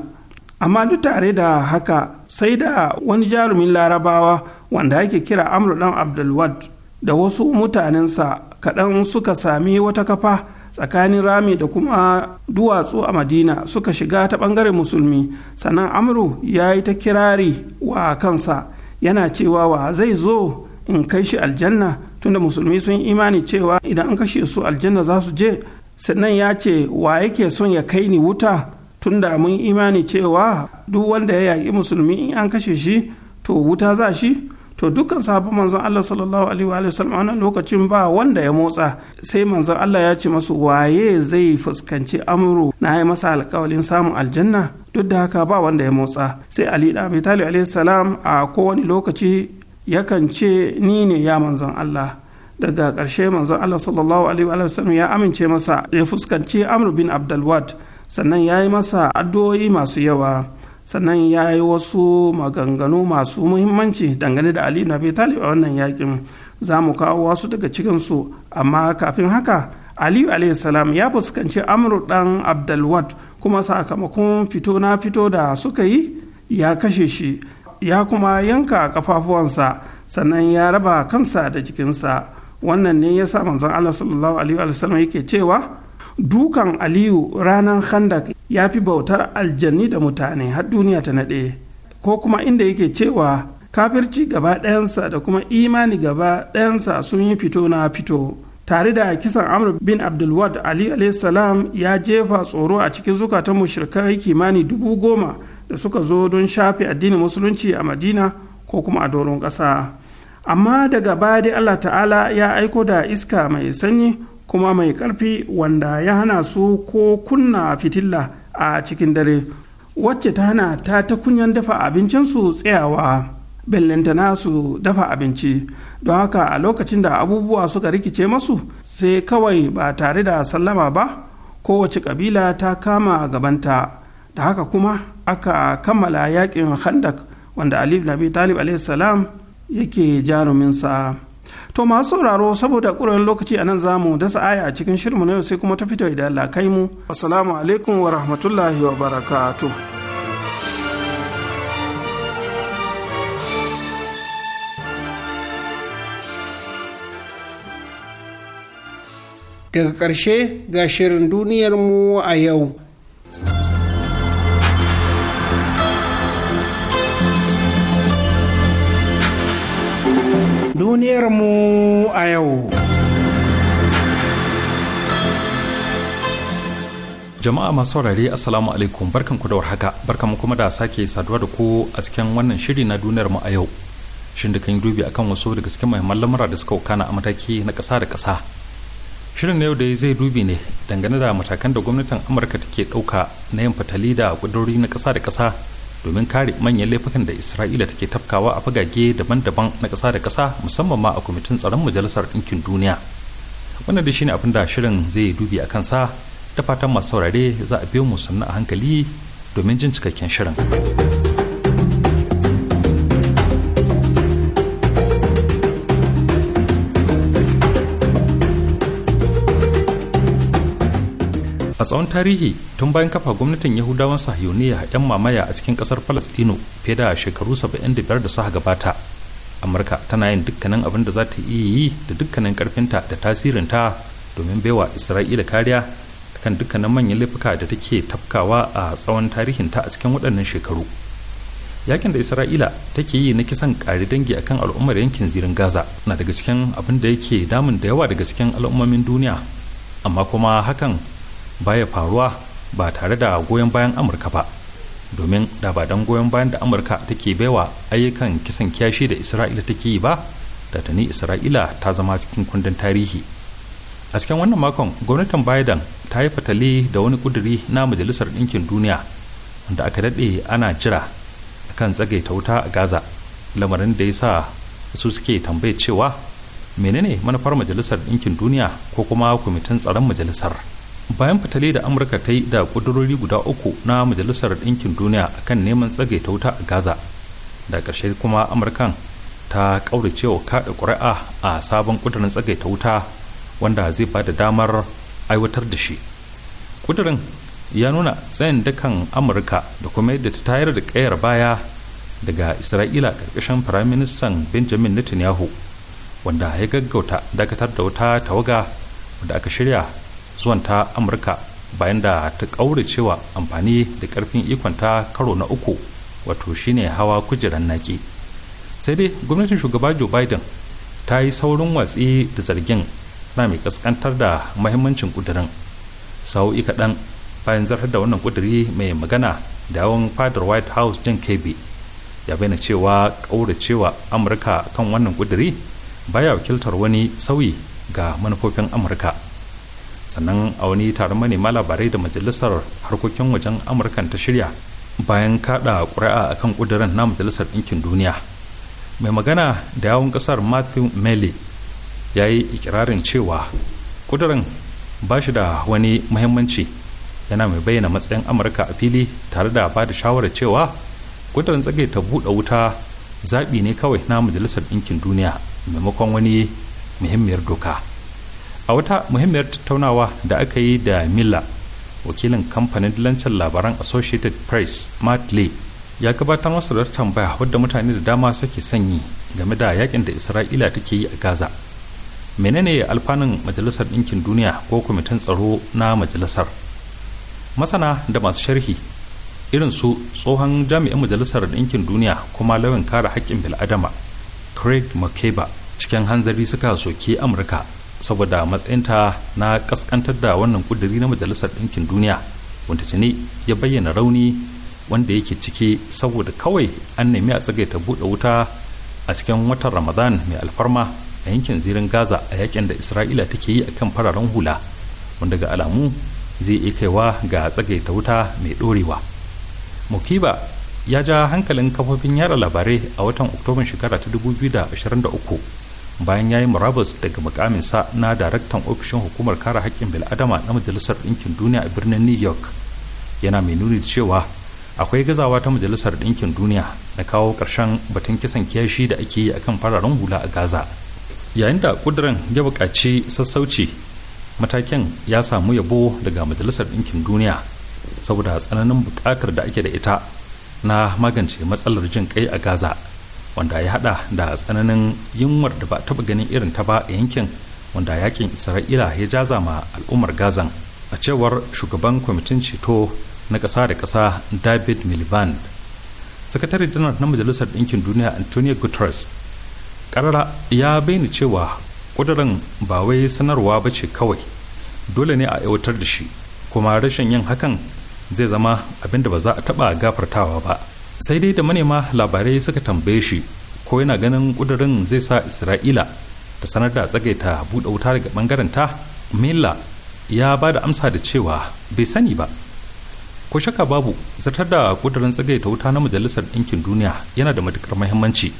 amma duk tare da haka sai da wani jarumin larabawa wanda ake kira amru dan abdulwad da wasu mutanensa kaɗan suka sami wata kafa tsakanin rami da kuma duwatsu a madina suka shiga ta ɓangaren musulmi sannan amru ya yi ta kirari wa kansa yana cewa wa zai zo in kai shi aljanna tunda musulmi sun imani cewa idan an kashe su aljanna za su je sannan ya ce wa yake son ya kai ni wuta tunda mun imani cewa duk wanda ya yaƙi musulmi in an kashe shi to wuta za shi to dukkan sahabban manzon Allah sallallahu alaihi wa sallam wannan lokacin ba wanda ya motsa sai manzon Allah ya ce masu waye zai fuskanci amru na yi masa alƙawalin samun aljanna duk da haka ba wanda ya motsa sai Ali da Abi Talib alaihi salam a kowane lokaci yakan ce ni ne ya manzon Allah daga ƙarshe manzon Allah sallallahu alaihi wa sallam ya amince masa ya fuskanci Amru bin Abdulwad sannan ya yi masa addu'o'i masu yawa sannan ya yi wasu maganganu masu muhimmanci dangane da ali nabi talib a wannan yakin za mu kawo wasu daga cikinsu amma kafin haka aliyu salam ya fuskanci amru dan abdulwad kuma sakamakon fito na fito da suka yi ya kashe shi ya kuma yanka kafafuwansa sannan ya raba kansa da jikinsa wannan ne ya sa manzon allah sallallahu alaihi wasallam yake cewa dukan aliyu ranar handak ya fi bautar aljanni da mutane har duniya ta naɗe ko kuma inda yake cewa kafirci gaba ɗayansa da kuma imani gaba ɗayansa sun yi fito na fito tare da kisan amr bin abdulwad ali salam ya jefa tsoro a cikin zukatan mushrikai kimani dubu goma da suka zo don shafe addinin musulunci a madina ko kuma a doron ƙasa amma daga baya dai allah ta'ala ya aiko da iska mai sanyi kuma mai ƙarfi wanda ya hana su ko kunna fitilla a cikin dare wacce ta hana ta ta kunyan dafa abincinsu tsayawa bellantana su dafa abinci don haka a lokacin da abubuwa suka rikice masu sai kawai ba tare da sallama ba kowace kabila ta kama gabanta da haka kuma aka kammala yakin handak wanda ali nabi talib salam yake jaruminsa. to masu sauraro saboda ƙuran lokaci a nan za mu dasa aya a cikin shirinmu na yau sai kuma ta fito idan Allah kai mu assalamu alaikum wa rahmatullahi wa barakatuh daga ƙarshe ga shirin duniyarmu a yau duniyarmu a yau. Jama'a masu saurare Assalamu alaikum barkan ku da warhaka barkan kuma da sake saduwa da ku a cikin wannan shiri na duniyar mu a yau. Shin da kan yi dubi akan wasu daga cikin muhimman lamura da suka wakana a mataki na ƙasa da kasa Shirin na yau da zai dubi ne dangane da matakan da gwamnatin Amurka take ɗauka na yin fatali da ƙudurori na ƙasa da kasa. domin kare manyan laifukan da isra'ila take tafkawa a fagage daban-daban na ƙasa da ƙasa musamman ma a kwamitin tsaron majalisar ɗinkin duniya wannan da shine abin da shirin zai dubi a kansa da fatan masu saurare za a biyo mu sannu a hankali domin jin cikakken shirin. a tsawon tarihi tun bayan kafa gwamnatin yahudawan sahiyoniya 'yan mamaya a cikin kasar falastino fiye da shekaru 75 da suka gabata amurka tana yin dukkanin abin da za ta iya yi da dukkanin karfinta da tasirinta domin baiwa isra'ila kariya kan dukkanin manyan laifuka da take tafkawa a tsawon tarihinta a cikin waɗannan shekaru yakin da isra'ila take yi na kisan ƙari dangi akan al'ummar yankin zirin gaza na daga cikin abin da yake damun da yawa daga cikin al'ummomin duniya amma kuma hakan baya faruwa ba tare da goyon bayan amurka ba domin da ba don goyon bayan da amurka take baiwa ayyukan kisan kyashi da isra'ila take yi ba da tani isra'ila ta zama cikin kundin tarihi a cikin wannan makon gwamnatin biden ta yi fatali da wani kuduri na majalisar ɗinkin duniya wanda aka daɗe ana jira kan tsagaita wuta a gaza lamarin da ya sa su suke tambaye cewa menene manufar majalisar ɗinkin duniya ko kuma kwamitin tsaron majalisar bayan fitale da amurka ta yi da ƙudurori guda uku na majalisar ɗinkin duniya a kan neman ta wuta a gaza da ƙarshe kuma amurkan ta ƙauracewa kaɗa ƙuri'a a sabon ƙudurin ta wuta wanda zai ba da damar aiwatar da shi ƙudurin ya nuna tsayin dukan amurka da kuma yadda ta tayar da ƙayar baya daga isra'ila ƙarƙashin firaministan benjamin netanyahu wanda ya gaggauta dakatar da wuta tawaga wadda aka shirya zuwan ta amurka bayan da ta kaure cewa amfani da karfin ikonta karo na uku wato shine hawa kujeran naki sai dai gwamnatin shugaba joe biden ta yi saurin watsi da zargin na mai kaskantar da mahimmancin kudirin sau'i kaɗan bayan zartar da wannan kuduri mai magana da yawan fadar white house jan kb ya bayyana cewa kaura cewa amurka kan wannan kuduri baya wakiltar wani sauyi ga manufofin amurka sannan a wani taron manema labarai da majalisar harkokin wajen amurkan ta shirya bayan kada ƙuri'a a kan ƙuduran na majalisar ɗinkin duniya mai magana da yawon ƙasar matthew mele ya yi ikirarin cewa ƙuduran ba shi da wani muhimmanci yana mai bayyana matsayin amurka a fili tare da ba da shawarar cewa ƙuduran tsage ta buɗe wuta zaɓi ne kawai na majalisar ɗinkin duniya maimakon wani muhimmiyar doka a wata muhimmiyar tattaunawa da aka yi da miller wakilin kamfanin dillancin labaran associated press matt lee ya gabatar masa da tambaya wadda mutane da dama suke sanyi game da yakin da isra'ila take yi a gaza menene alfanun majalisar ɗinkin duniya ko kwamitin tsaro na majalisar masana da masu sharhi irin su tsohon jami'in majalisar ɗinkin duniya kuma lauyan kare haƙƙin bil'adama craig mckeba cikin hanzari suka soke amurka saboda matsayinta na kaskantar da wannan kuduri na majalisar ɗinkin duniya wanda tuni ya bayyana rauni wanda yake cike saboda kawai an nemi a tsagaita buɗe wuta a cikin watan ramadan mai alfarma a yankin zirin gaza a yakin da isra'ila take yi akan fararen hula wanda ga alamu zai iya kaiwa ga tsagaita wuta mai ɗorewa mukiba ya ja hankalin kafofin yara labarai a watan oktoban shekara ta 2023 bayan ya yi murabus daga mukaminsa na daraktan ofishin hukumar kare haƙƙin bil'adama na majalisar ɗinkin duniya a birnin new york yana mai nuni da cewa akwai gazawa ta majalisar ɗinkin duniya na kawo ƙarshen batun kisan kiyashi da ake yi akan fararen hula a gaza yayin da ƙudurin ya buƙaci sassauci matakin ya samu yabo daga majalisar ɗinkin duniya saboda tsananin buƙatar da ake da ita na magance matsalar jin kai a gaza wanda ya hada da tsananin yunwar da ba taba ganin irin ta ba a yankin wanda yakin isra'ila ya jaza ma al'ummar gazan a cewar shugaban kwamitin ceto na ƙasa da ƙasa david miliband sakatare janar na majalisar ɗinkin duniya antonio guterres ƙarara ya bayyana cewa ƙudurin ba wai sanarwa ba ce kawai dole ne a aiwatar da shi kuma rashin yin hakan zai zama abin da ba za a taɓa gafartawa ba sai dai da manema labarai suka tambaye shi ko yana ganin kudurin zai sa isra'ila ta sanar da tsagaita buɗe wuta daga ɓangaren ta mila ya ba da amsa da cewa bai sani ba ko shaka babu zartar da tsagai ta wuta na majalisar ɗinkin duniya yana da matuƙar muhimmanci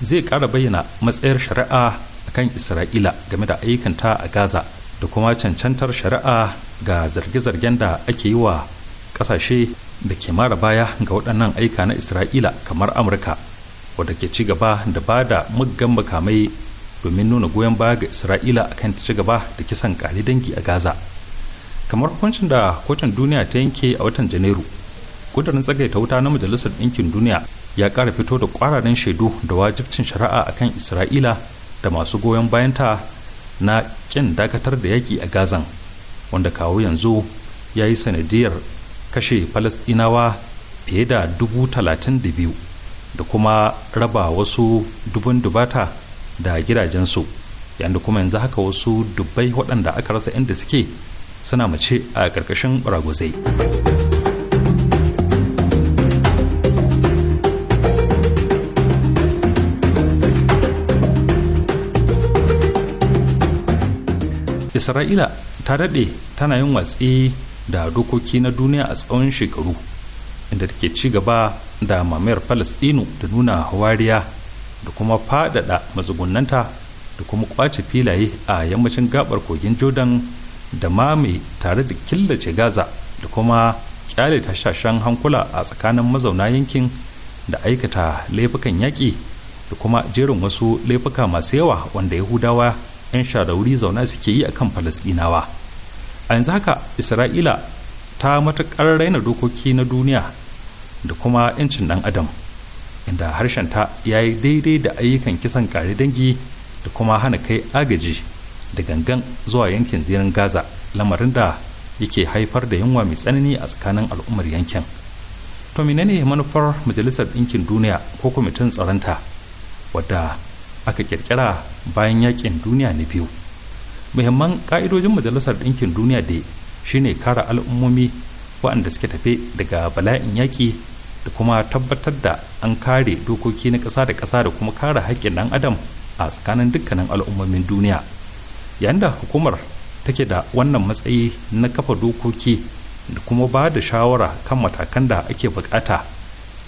zai ƙara bayyana matsayar shari'a kan isra'ila game da ayyukanta a gaza da kuma cancantar shari'a ga zarge-zargen da ake yi wa ƙasashe da ke mara baya ga waɗannan aika na isra'ila kamar amurka wadda ke ci gaba da ba da muggan makamai domin nuna goyon baya ga isra'ila akan ta ci gaba da kisan kare dangi a gaza kamar hukuncin da kotun duniya ta yanke a watan janairu kudurin tsagaita wuta na majalisar ɗinkin duniya ya ƙara fito da ƙwararren shaidu da wajibcin shari'a a kan isra'ila da masu goyon bayanta na ƙin dakatar da yaƙi a gazan wanda kawo yanzu ya yi sanadiyar kashe falasɗinawa fiye da dubu talatin da biyu da kuma raba wasu dubun dubata da gidajensu yadda kuma yanzu haka wasu dubbai waɗanda aka rasa inda suke suna mace a ƙarƙashin ragozai isra'ila ta daɗe tana yin watsi da dokoki na duniya a tsawon shekaru inda take ci gaba da mamayar falasɗinu da nuna wariya da kuma faɗaɗa matsugunanta da kuma ƙwace filaye a yammacin gabar kogin jordan da mame tare da killace gaza da kuma kyale tashashen hankula a tsakanin mazauna yankin da aikata laifukan yaƙi da kuma jerin wasu laifuka masu yawa wanda yahudawa 'yan sharauri zauna suke yi a kan falasɗinawa a yanzu haka isra'ila ta matuƙar raina dokoki na duniya da kuma 'yancin ɗan adam inda harshenta ya yi daidai da ayyukan kisan kare dangi da kuma hana kai agaji da gangan zuwa yankin zirin gaza lamarin da yake haifar da yunwa mai tsanani a tsakanin al'ummar yankin to menene manufar majalisar ɗinkin duniya ko kwamitin tsaronta wadda aka ƙirƙira bayan yakin duniya na biyu muhimman ka'idojin majalisar ɗinkin duniya da shine kare al'ummomi waɗanda suke tafe daga bala'in yaƙi da kuma tabbatar da an kare dokoki na ƙasa da ƙasa da kuma kare haƙƙin ɗan adam a tsakanin dukkanin al'ummomin duniya yayin da hukumar take da wannan matsayi na kafa dokoki da kuma ba da shawara kan matakan da ake bukata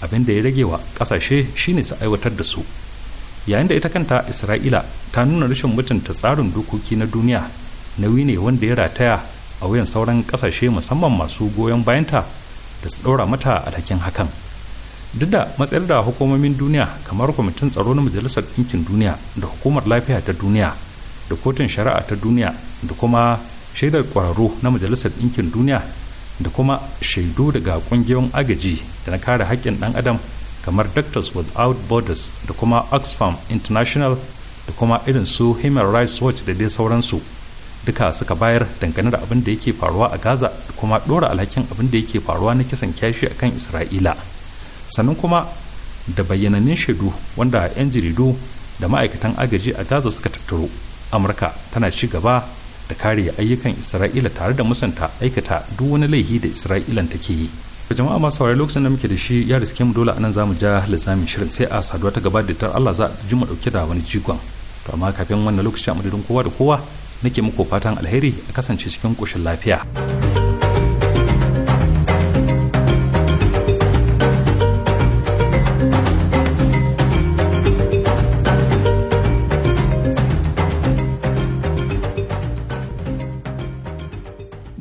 abin da ya rage wa ƙasashe shine su aiwatar da su yayin da ita kanta isra'ila ta nuna rashin mutunta tsarin dokoki na duniya nauyi ne wanda ya rataya a wuyan sauran kasashe musamman masu goyon bayanta da su ɗora mata a alhakin hakan duk da matsayar da hukumomin duniya kamar kwamitin tsaro na majalisar ɗinkin duniya da hukumar lafiya ta duniya da kotun shari'a ta duniya da kuma shaidar kwararru na majalisar ɗinkin duniya da kuma shaidu daga ƙungiyoyin agaji da na kare haƙƙin ɗan adam kamar doctors without borders da kuma oxfam international da kuma irin su human rights watch da dai sauransu duka suka bayar dangane da abin da yake faruwa a gaza da kuma dora alhakin abin da yake faruwa na kisan kyashi kan isra'ila sannan kuma da bayyananin shaidu wanda 'yan jaridu da ma'aikatan agaji a gaza suka tattaro amurka tana ci gaba da kare ayyukan isra'ila tare da musanta aikata duk wani laihi da isra'ilan take yi jama'a masu saurari lokacin da muke da shi ya riske mu dole anan zamu ja lissamin shirin sai a saduwa ta gaba da tar Allah za a ji mu dauke da wani jigon to amma kafin wannan lokaci a madadin kowa da kowa nake muku fatan alheri a kasance cikin koshin lafiya.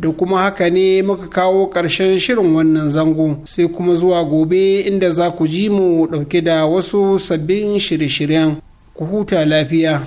da kuma haka ne muka kawo ƙarshen shirin wannan zango sai kuma zuwa gobe inda za ku ji mu ɗauke da wasu sabbin shirye-shiryen ku huta lafiya